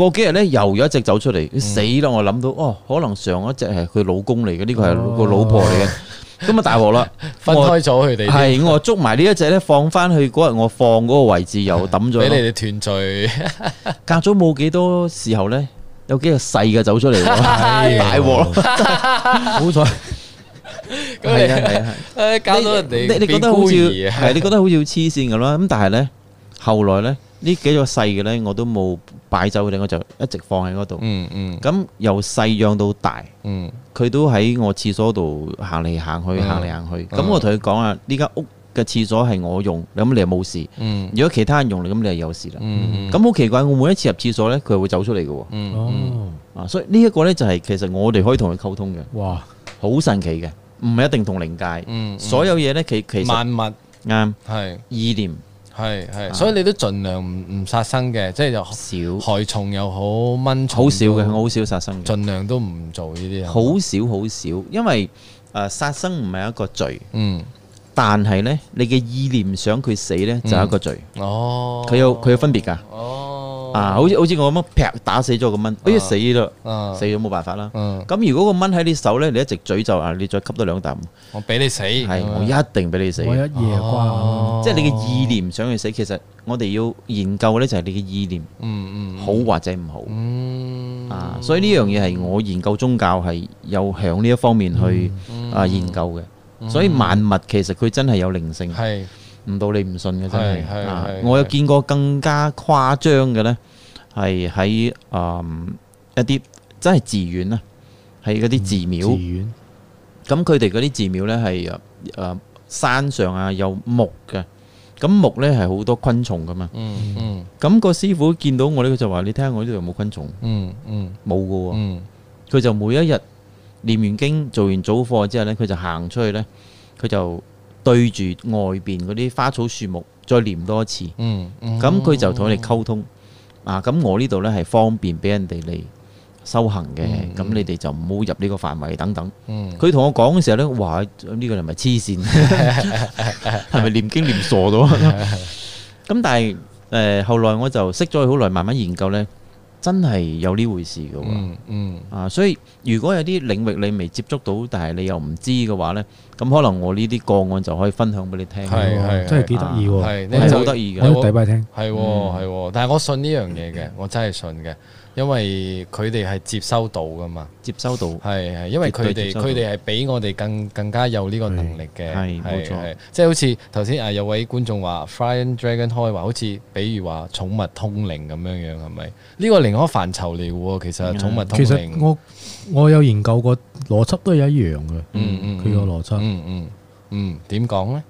過幾日咧，又有一隻走出嚟，死啦！我諗到，哦，可能上一隻係佢老公嚟嘅，呢個係個老婆嚟嘅，咁啊大鑊啦！分開咗佢哋，係我捉埋呢一隻咧，放翻去嗰日我放嗰個位置又抌咗，俾你哋斷罪。隔咗冇幾多時候咧，有幾隻細嘅走出嚟，大鑊，好彩。係啊係啊，誒，搞到人哋，你你覺得好似係，你覺得好似黐線㗎啦。咁但係咧，後來咧。呢幾個細嘅咧，我都冇擺走佢哋，我就一直放喺嗰度。嗯。咁由細養到大，佢都喺我廁所度行嚟行去，行嚟行去。咁我同佢講啊，呢間屋嘅廁所係我用，咁你又冇事。如果其他人用，你咁你就有事啦。咁好奇怪，我每一次入廁所呢，佢會走出嚟嘅。嗯。哦。所以呢一個呢，就係其實我哋可以同佢溝通嘅。哇！好神奇嘅，唔係一定同靈界。所有嘢呢，其其實。萬物。啱。係。意念。.係係，所以你都儘量唔殺生嘅，即係就害蟲又好，蚊蟲好，好少嘅，我好少殺生嘅，儘量都唔做呢啲好少好少，因為誒、呃、殺生唔係一個罪，嗯，但係呢，你嘅意念想佢死呢，就係一個罪，嗯、哦，佢有佢有分別㗎，哦啊，好似好似我咁樣劈打死咗個蚊，好似死咗，死咗冇辦法啦。咁如果個蚊喺你手呢，你一直詛咒啊，你再吸多兩啖，我俾你死，係我一定俾你死。即係你嘅意念想去死。其實我哋要研究呢，就係你嘅意念，好或者唔好。啊，所以呢樣嘢係我研究宗教係有響呢一方面去啊研究嘅。所以萬物其實佢真係有靈性。唔到你唔信嘅真係，我有見過更加誇張嘅咧，係喺誒，一啲真係寺院啊，喺嗰啲寺廟。寺院咁佢哋嗰啲寺廟咧係誒山上啊有木嘅，咁木咧係好多昆蟲噶嘛。嗯嗯。咁個師傅見到我咧，佢就話：你聽我呢度有冇昆蟲？嗯嗯，冇噶喎。嗯。佢就每一日念完經、做完早課之後咧，佢就行出去咧，佢就。對住外邊嗰啲花草樹木再念多次，咁佢就同你溝通啊！咁我呢度咧係方便俾人哋嚟修行嘅，咁你哋就唔好入呢個範圍等等。佢同我講嘅時候咧，話，呢個人咪黐線，係咪念經念傻咗？咁但係誒，後來我就識咗好耐，慢慢研究咧。真係有呢回事嘅喎，嗯，嗯啊，所以如果有啲領域你未接觸到，但係你又唔知嘅話呢，咁可能我呢啲個案就可以分享俾你聽，係係，真係幾得意喎，係，係好得意嘅，我都第一次聽，係係，但係我信呢樣嘢嘅，我真係信嘅。因為佢哋係接收到噶嘛，接收到係係，因為佢哋佢哋係比我哋更更加有呢個能力嘅，係冇錯，即係好似頭先啊有位觀眾話 Flying Dragon 開話，好似比如話寵物通靈咁樣樣係咪？呢個另外一個範疇嚟嘅喎，其實寵物通靈，其實我我有研究過，邏輯都係一樣嘅，嗯嗯，佢個邏輯，嗯嗯嗯，點講咧？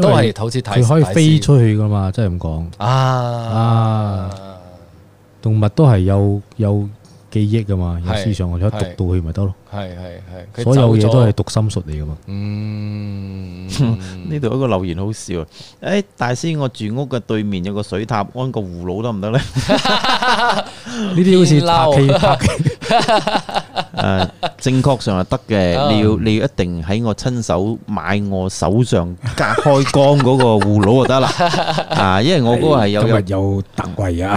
都係好似佢可以飛出去噶嘛，即係咁講啊啊。動物都係有有記憶噶嘛，有思想，或者家讀到佢咪得咯。係係係，所有嘢都係讀心術嚟噶嘛嗯。嗯，呢度 [laughs] 一個留言好笑。誒、欸，大師，我住屋嘅對面有個水塔，安個葫蘆得唔得咧？呢啲 [laughs] 好似打機 [laughs] 騙騙 [laughs] 正確上係得嘅，你要你要一定喺我親手買我手上隔開光嗰個葫蘆就得啦，啊，因為我個係有有特貴啊，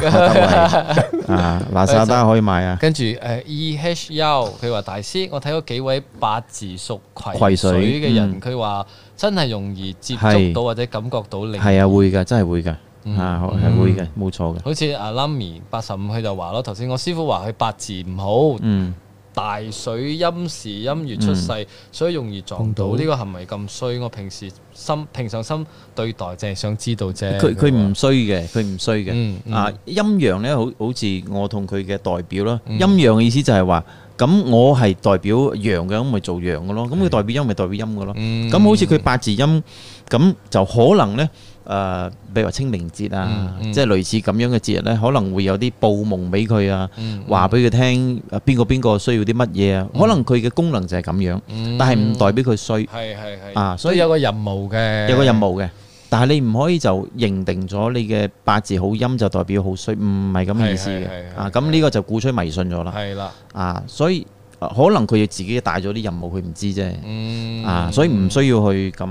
啊，垃圾都可以買啊。跟住誒 E H 幺，佢話大師，我睇過幾位八字屬癸水嘅人，佢話真係容易接觸到或者感覺到靈。係啊，會嘅，真係會嘅，啊，係會嘅，冇錯嘅。好似阿 Lummy 八十五，佢就話咯，頭先我師傅話佢八字唔好，嗯。大水陰時陰月出世，嗯、所以容易撞到呢到個係咪咁衰？我平時心平常心對待，淨係想知道啫。佢佢唔衰嘅，佢唔衰嘅。嗯嗯、啊，陰陽咧，好好似我同佢嘅代表咯。嗯、陰陽嘅意思就係話，咁我係代表陽嘅，咁咪做陽嘅咯。咁佢、嗯、代表陰，咪代表陰嘅咯。咁好似佢八字陰，咁就可能咧。誒，比如話清明節啊，即係類似咁樣嘅節日咧，可能會有啲報夢俾佢啊，話俾佢聽，邊個邊個需要啲乜嘢啊？可能佢嘅功能就係咁樣，但係唔代表佢衰，係係係啊，所以有個任務嘅，有個任務嘅，但係你唔可以就認定咗你嘅八字好陰就代表好衰，唔係咁嘅意思嘅啊。咁呢個就鼓吹迷信咗啦，係啦，啊，所以可能佢要自己帶咗啲任務，佢唔知啫，啊，所以唔需要去咁。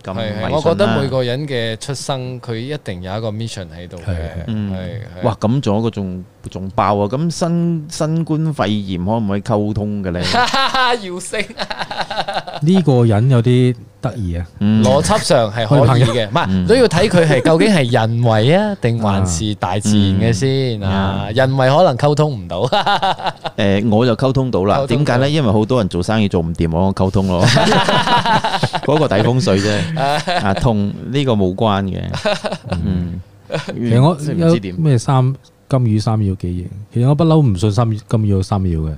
係，的我覺得每個人嘅出生佢一定有一個 mission 喺度嘅。的的嗯，的哇，咁仲有一個仲仲爆啊！咁新新冠肺炎可唔可以溝通嘅咧？要升呢個人有啲～得意啊，邏輯上係可以嘅，唔係都要睇佢係究竟係人為啊，定還是大自然嘅先啊？人為可能溝通唔到，誒，我就溝通到啦。點解咧？因為好多人做生意做唔掂，我溝通咯，嗰個睇風水啫，啊，同呢個冇關嘅。嗯，其實我唔知點咩三金魚三要幾型。其實我不嬲唔信三金魚三要嘅。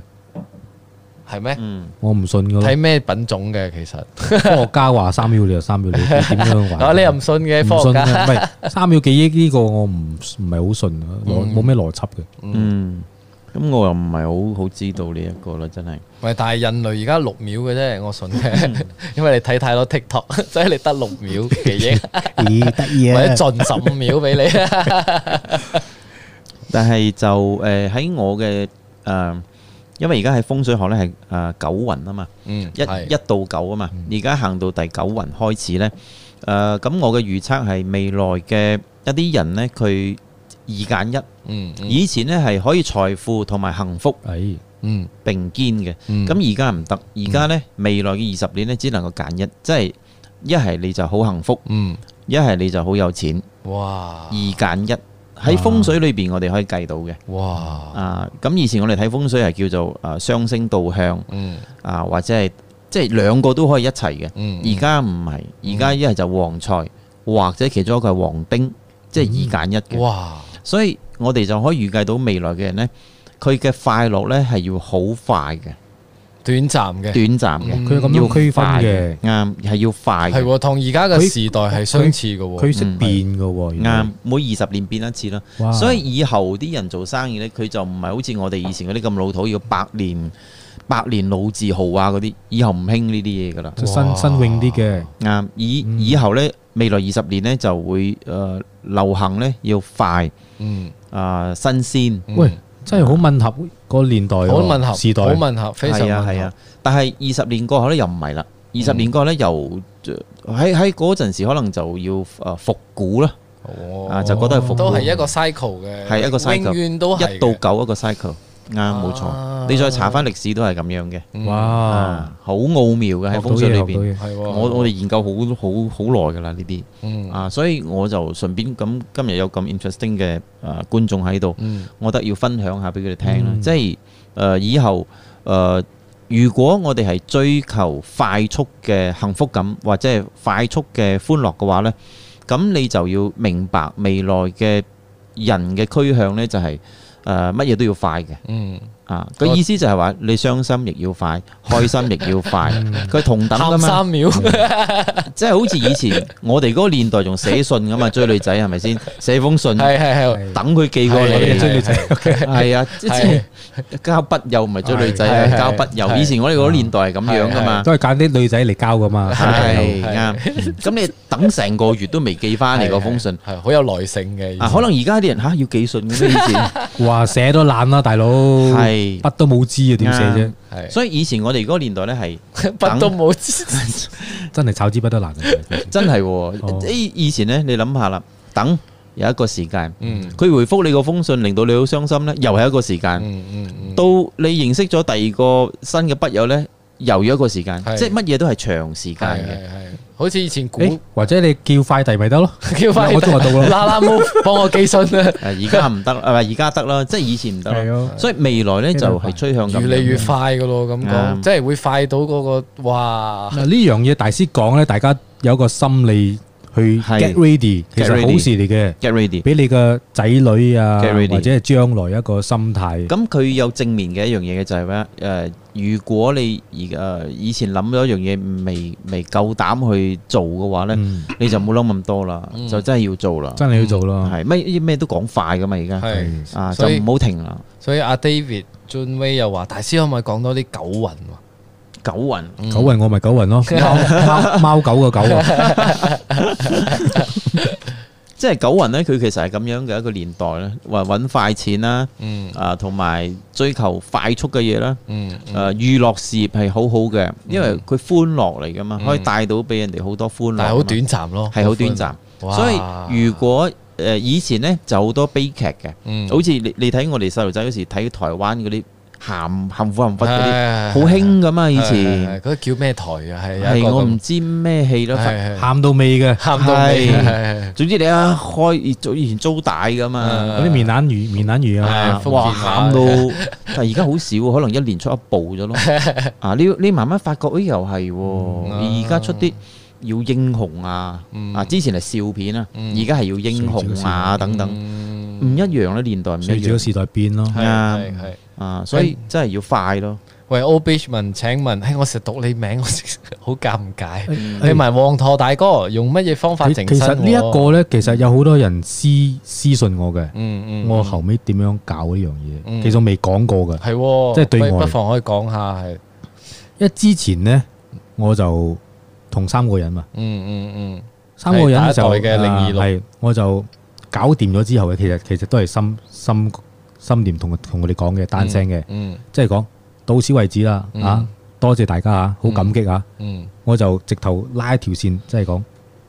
係咩？我唔信噶。睇咩品種嘅其實？科學家話三秒你就三秒，你點樣玩？你又唔信嘅科學家？唔信唔係三秒記憶呢個我唔唔係好信啊，冇咩邏輯嘅。嗯，咁我又唔係好好知道呢一個啦，真係。喂，但係人類而家六秒嘅啫，我信嘅，因為你睇太多 TikTok，所以你得六秒記憶，咦，得意啊，或者盡十五秒俾你。但係就誒喺我嘅誒。因為而家喺風水學咧係誒九雲啊嘛，嗯、一一到九啊嘛，而家、嗯、行到第九雲開始咧，誒、呃、咁我嘅預測係未來嘅一啲人咧，佢二揀一，嗯嗯、以前咧係可以財富同埋幸福、嗯嗯係、幸福，嗯並肩嘅，咁而家唔得，而家咧未來嘅二十年咧只能夠揀一，即係一係你就好幸福，一係你就好有錢，哇二揀一。喺風水裏邊，我哋可以計到嘅。哇！啊，咁以前我哋睇風水係叫做誒雙星導向，嗯，啊或者係即係兩個都可以一齊嘅。而家唔係，而家一係就旺財、嗯、或者其中一個係黃丁，即、就、係、是、二揀一嘅、嗯。哇！所以我哋就可以預計到未來嘅人呢，佢嘅快樂呢係要好快嘅。短暫嘅，短暫嘅，佢咁、嗯、樣分要快嘅，啱，係要快，係同而家嘅時代係相似嘅喎，佢識變嘅喎、啊，啱、嗯來，每二十年變一次啦，哇所以以後啲人做生意咧，佢就唔係好似我哋以前嗰啲咁老土，要百年百年老字號啊嗰啲，以後唔興、啊、哇呢啲嘢噶啦，新新穎啲嘅，啱，以以後咧未來二十年咧就會誒流行咧要快，嗯，啊新鮮。真係好吻合個年代，時代，好吻合，係啊係啊。但係二十年過後咧又唔係啦，二十、嗯、年過後咧又喺喺嗰陣時可能就要誒復古啦，哦、啊就覺得係復古，都係一個 cycle 嘅，係一個 cycle，永遠都係一到九一個 cycle。啱，冇錯，啊、你再查翻歷史都係咁樣嘅。哇，好、啊、奧妙嘅喺風水裏邊，我我哋研究好好好耐嘅啦呢啲。嗯、啊，所以我就順便咁今日有咁 interesting 嘅誒觀眾喺度，嗯、我覺得要分享下俾佢哋聽啦。嗯、即係誒、呃、以後誒、呃，如果我哋係追求快速嘅幸福感或者係快速嘅歡樂嘅話呢，咁你就要明白未來嘅人嘅趨向呢，就係、是。誒，乜嘢都要快嘅。嗯。啊！個意思就係話你傷心亦要快，開心亦要快，佢同等噶嘛。三秒，即係好似以前我哋嗰個年代仲寫信咁嘛，追女仔係咪先？寫封信，等佢寄過嚟。追女仔，係啊，即係交筆友唔係追女仔交筆友，以前我哋嗰個年代係咁樣噶嘛，都係揀啲女仔嚟交噶嘛。係啱。咁你等成個月都未寄翻嚟嗰封信，好有耐性嘅。可能而家啲人吓要寄信以前哇，寫都懶啦，大佬筆都冇知啊，點寫啫？所以以前我哋嗰個年代呢，係筆 [laughs] 都冇知， [laughs] 真係炒支筆都難 [laughs] 真係、哦。誒、哦，以前呢，你諗下啦，等有一個時間，嗯，佢回覆你個封信，令到你好傷心，呢又係一個時間，嗯，到你認識咗第二個新嘅筆友呢，又有一個時間，即係乜嘢都係長時間嘅。好似以前估、欸，或者你叫快遞咪得咯？ [laughs] 叫快遞弟我中午到 [laughs] 啦，啦，拉拉幫我寄信啦。而家唔得，啊唔係而家得啦，即係以前唔得。哦、所以未來咧就係趨向越嚟越快噶咯，咁講，行行越越即係會快到嗰、那個哇！嗱呢樣嘢大師講咧，大家有個心理。去 get ready，是其實好事嚟嘅，get ready 俾你個仔女啊，Get ready, 或者係將來一個心態。咁佢有正面嘅一樣嘢嘅就係、是、咩？誒、呃，如果你而誒以前諗咗一樣嘢未未，未夠膽去做嘅話咧，嗯、你就冇諗咁多啦，嗯、就真係要做啦。真係要做咯，係咩？咩都講快噶嘛，而家係啊，就唔好停啦。所以阿 David 俊威又話：大師可唔可以講多啲九運？狗云，狗云我咪狗云咯。貓貓貓狗嘅狗，即係狗云呢。佢其實係咁樣嘅一個年代咧，話揾快錢啦，啊，同埋追求快速嘅嘢啦，嗯誒，娛樂事業係好好嘅，因為佢歡樂嚟噶嘛，可以帶到俾人哋好多歡樂，但係好短暫咯，係好短暫，所以如果誒以前呢就好多悲劇嘅，好似你你睇我哋細路仔嗰時睇台灣嗰啲。鹹鹹苦鹹骨嗰啲，好興噶嘛以前，嗰個叫咩台啊？係係我唔知咩戲咯，鹹到尾嘅，鹹到尾。總之你一開，以前租帶噶嘛，嗰啲面冷魚面冷魚啊，哇鹹到！但係而家好少，可能一年出一部咗咯。啊，你你慢慢發覺咦又係，而家出啲要英雄啊，啊之前係笑片啊，而家係要英雄啊等等，唔一樣嘅年代唔一樣。最主要時代變咯，係係。啊，所以真係要快咯。喂，O Beachman，請問，我成日讀你名，我好尷尬。你問黃陀大哥用乜嘢方法整？其實呢一個咧，其實有好多人私私信我嘅。我後尾點樣搞呢樣嘢，其實我未講過嘅。係，即係對不妨可以講下係。因為之前呢，我就同三個人嘛。嗯嗯嗯，三個人就嘅，係我就搞掂咗之後嘅，其實其實都係心心，心念同同我哋講嘅單聲嘅，即係講到此為止啦，嚇！多謝大家嚇，好感激嚇。我就直頭拉一條線，即係講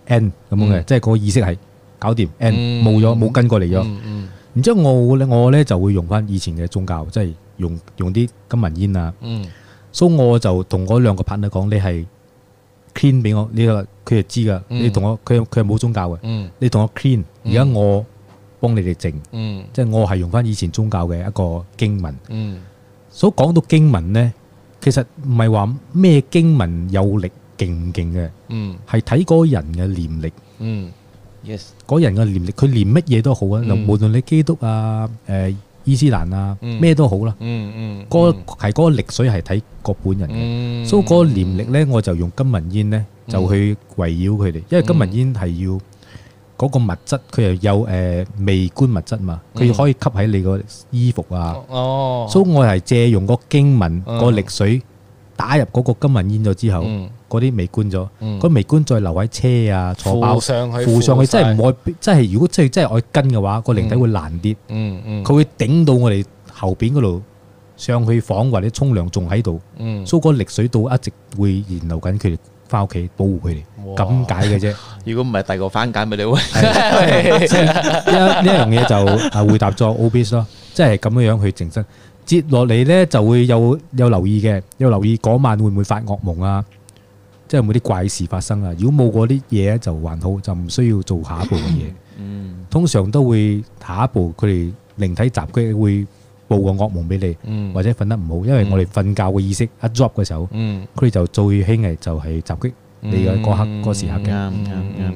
N 咁樣嘅，即係個意識係搞掂 N 冇咗冇跟過嚟咗。然之後我呢我呢就會用翻以前嘅宗教，即係用用啲金文煙啊。所以我就同嗰兩個 partner 講：你係 clean 俾我，你佢就知噶。你同我佢佢係冇宗教嘅，你同我 clean。而家我。幫你哋靜，即係我係用翻以前宗教嘅一個經文，所講到經文咧，其實唔係話咩經文有力勁唔勁嘅，係睇嗰個人嘅念力，嗰人嘅念力，佢念乜嘢都好啊，無論你基督啊、誒伊斯蘭啊，咩都好啦，嗰係嗰個力水係睇個本人嘅，所以嗰個念力咧，我就用金文煙咧就去圍繞佢哋，因為金文煙係要。嗰個物質佢又有誒微觀物質嘛，佢可以吸喺你個衣服啊，所以我係借用個經文個力水打入嗰個金銀煙咗之後，嗰啲微觀咗，嗰微觀再留喺車啊，坐爆，上去，扶上去，真係外，真係如果真係真係愛跟嘅話，個靈體會難啲，嗯嗯，佢會頂到我哋後邊嗰度上去房或者沖涼仲喺度，所以個力水道一直會沿流緊佢。翻屋企保護佢哋，咁解嘅啫。如果唔係，第個番簡俾你。呢呢樣嘢就啊回答咗 obs 咯，即係咁樣樣去淨身。接落嚟咧就會有有留意嘅，有留意嗰晚會唔會發噩夢啊？即係冇啲怪事發生啊。如果冇嗰啲嘢咧就還好，就唔需要做下一步嘅嘢。嗯，通常都會下一步佢哋靈體襲擊會。報個噩夢俾你，或者瞓得唔好，因為我哋瞓覺嘅意識一 drop 嘅時候，佢哋就最輕微，就係襲擊你嘅嗰刻嗰個時刻嘅。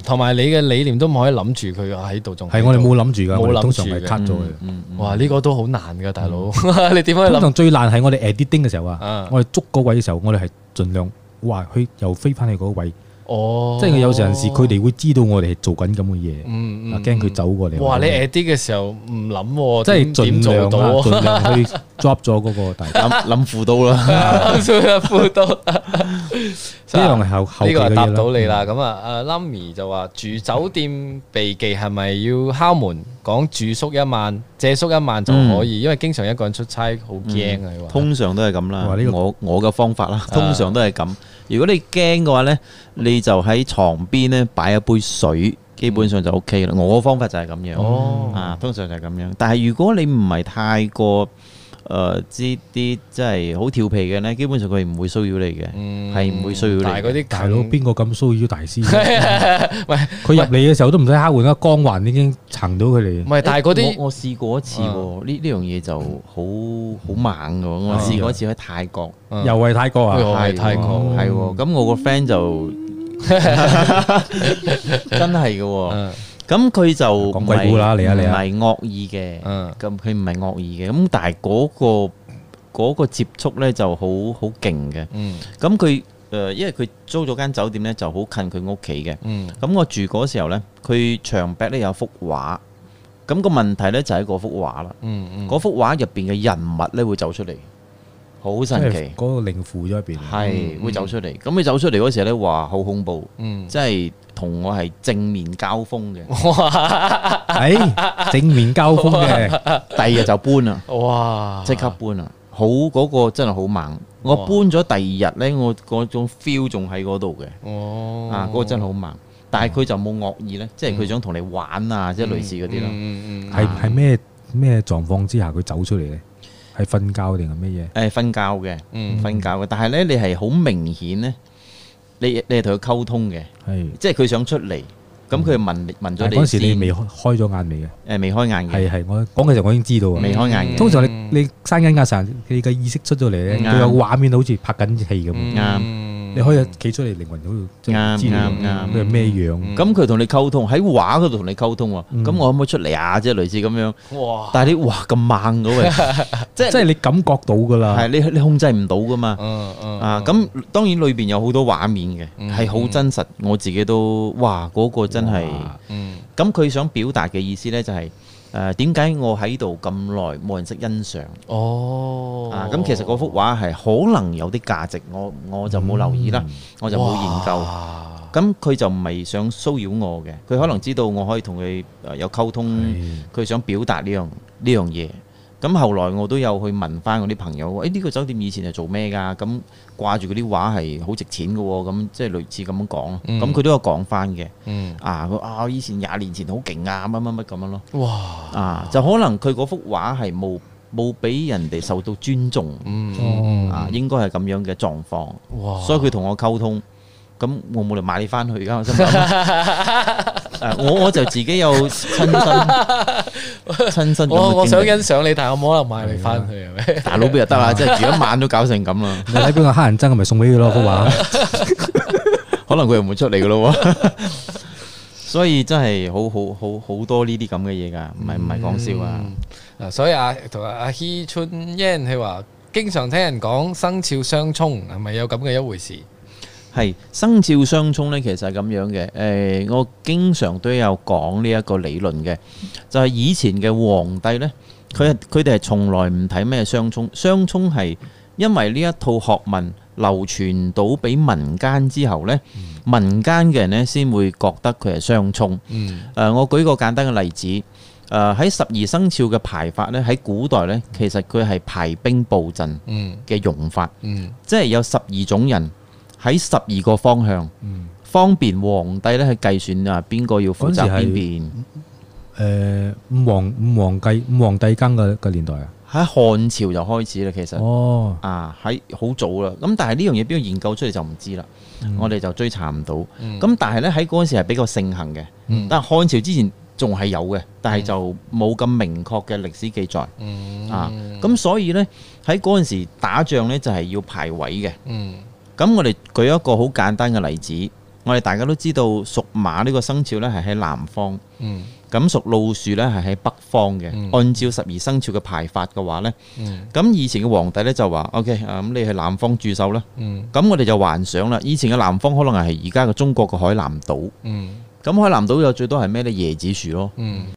同埋你嘅理念都唔可以諗住佢喺度仲係，我哋冇諗住噶，冇諗住 cut 咗佢。哇，呢個都好難噶，大佬。你點可以諗？通常最難係我哋 editing 嘅時候啊，我哋捉嗰位嘅時候，我哋係盡量哇，佢又飛翻去嗰位。哦，即係有陣時佢哋會知道我哋做緊咁嘅嘢，啊，驚佢走過嚟。哇，你誒啲嘅時候唔諗，即係盡量啊，盡量去 drop 咗嗰個大家。諗輔導啦，諗輔導。呢個係後後邊嘅嘢啦。呢個係答到你啦。咁啊，阿 Lamy 就話住酒店避忌係咪要敲門，講住宿一晚，借宿一晚就可以？因為經常一個人出差好驚啊。通常都係咁啦，我我嘅方法啦，通常都係咁。如果你驚嘅話呢，你就喺床邊呢擺一杯水，基本上就 OK 啦。我嘅方法就係咁樣，哦、啊，通常就係咁樣。但係如果你唔係太過，誒，啲啲即係好調皮嘅咧，基本上佢唔會騷擾你嘅，係唔、嗯、會騷擾你。大啲大佬，邊個咁騷擾大師？係喂，佢入嚟嘅時候都唔使黑換啦，光環已經撐到佢哋。唔係，但係啲我試過一次，呢呢樣嘢就好好猛噶。我試過一次喺泰國，啊、又係泰國啊，又泰國係。咁國、哦、我個 friend 就 [laughs] 真係嘅。 [laughs] 咁佢就唔係唔係惡意嘅，咁佢唔係惡意嘅。咁但係嗰個嗰個接觸咧就好好勁嘅。咁佢誒，因為佢租咗間酒店咧，就好近佢屋企嘅。咁我住嗰時候咧，佢牆壁咧有幅畫。咁個問題咧就喺嗰幅畫啦。嗰幅畫入邊嘅人物咧會走出嚟，好神奇。嗰個靈符咗入邊，係會走出嚟。咁佢走出嚟嗰時候咧，話好恐怖。嗯，即係。同我係正面交鋒嘅，誒哇、哎、正面交鋒嘅，第二日就搬啦，哇！即刻搬啦，好嗰、嗰個真係好猛。哇我搬咗第二日咧，我嗰種 feel 仲喺嗰度嘅，哦，啊嗰、嗰個真係好猛。但係佢就冇惡意咧，哦、即係佢想同你玩啊，嗯、即係類似嗰啲咯。係係咩咩狀況之下佢走出嚟咧？係瞓覺定係咩嘢？誒，呃，瞓覺嘅，瞓覺嘅。但係咧，你係好明顯咧。你你係同佢溝通嘅，是即係佢想出嚟，咁佢問、嗯、問咗你先。嗰時你未開開咗眼未嘅？誒，未開眼嘅。係係，我講嘅時候我已經知道未開眼嘅。嗯、通常你你生緊壓神，你嘅意識出咗嚟咧，佢、嗯、有畫面好似拍緊戲咁。啱、嗯。嗯嗯你可以企出嚟，靈魂好啱啱啱咩咩樣？咁佢同你溝通喺畫度同你溝通喎。咁、嗯、我可唔可以出嚟啊？即係類似咁樣、嗯。哇！但係你哇咁猛㗎喎，即係即係你感覺到㗎啦。係你你控制唔到㗎嘛？嗯、嗯啊，咁當然裏邊有好多畫面嘅，係好、嗯、真實。我自己都哇嗰、嗰個真係。嗯。咁佢、嗯、想表達嘅意思咧，就係、是。誒點解我喺度咁耐冇人識欣賞？哦，啊咁其實嗰幅畫係可能有啲價值，我我就冇留意啦，我就冇研究。咁佢就唔係想騷擾我嘅，佢可能知道我可以同佢誒有溝通，佢想表達呢樣呢樣嘢。咁後來我都有去問翻我啲朋友，誒、欸、呢、這個酒店以前係做咩㗎？咁掛住嗰啲畫係好值錢嘅喎，咁即係類似咁樣講，咁佢、嗯、都有講翻嘅。嗯啊，啊，佢以前廿年前好勁啊，乜乜乜咁樣咯。啊、哇！啊，就可能佢嗰幅畫係冇冇俾人哋受到尊重。嗯嗯、啊，應該係咁樣嘅狀況。嗯嗯、所以佢同我溝通，咁哇我冇嚟買你翻去㗎。我心 [laughs] [laughs] 我我就自己有親身親身，我我想欣賞你，但係我冇可能買你翻去大佬，俾就得啦，即係住一晚都搞成咁啦。 [laughs] 你喺邊個黑人憎，我咪送俾佢咯，好嘛？ [laughs] 可能佢又唔會出嚟噶咯。所以真係好好好好多呢啲咁嘅嘢噶，唔係唔係講笑啊、嗯。所以阿同阿希春燕佢話，經常聽人講生肖相沖，係咪有咁嘅一回事？係生肖相衝咧，其實係咁樣嘅。誒、呃，我經常都有講呢一個理論嘅，就係、是、以前嘅皇帝呢，佢佢哋係從來唔睇咩相衝。相衝係因為呢一套學問流傳到俾民間之後呢，嗯、民間嘅人呢先會覺得佢係相衝。誒、嗯呃，我舉個簡單嘅例子，誒、呃、喺十二生肖嘅排法呢，喺古代呢，其實佢係排兵佈陣嘅用法，嗯嗯、即係有十二種人。喺十二個方向，方便皇帝咧去計算啊，邊個要負責邊邊。誒邊，五皇五皇帝五皇帝更嘅嘅年代啊，喺漢朝就開始啦。其實哦，啊，喺好早啦。咁但係呢樣嘢邊個研究出嚟就唔知啦。嗯、我哋就追查唔到。咁、嗯、但係咧喺嗰陣時係比較盛行嘅。但係漢朝之前仲係有嘅，但係就冇咁明確嘅歷史記載。嗯嗯、啊，咁所以咧喺嗰陣時打仗咧就係要排位嘅。嗯咁我哋舉一個好簡單嘅例子，我哋大家都知道屬馬呢個生肖呢係喺南方，咁、嗯、屬老鼠呢係喺北方嘅。嗯、按照十二生肖嘅排法嘅話呢，咁、嗯、以前嘅皇帝呢就話：OK 啊，咁你去南方駐守啦。咁、嗯、我哋就幻想啦，以前嘅南方可能係而家嘅中國嘅海南島。咁、嗯、海南島有最多係咩呢？椰子樹咯。嗯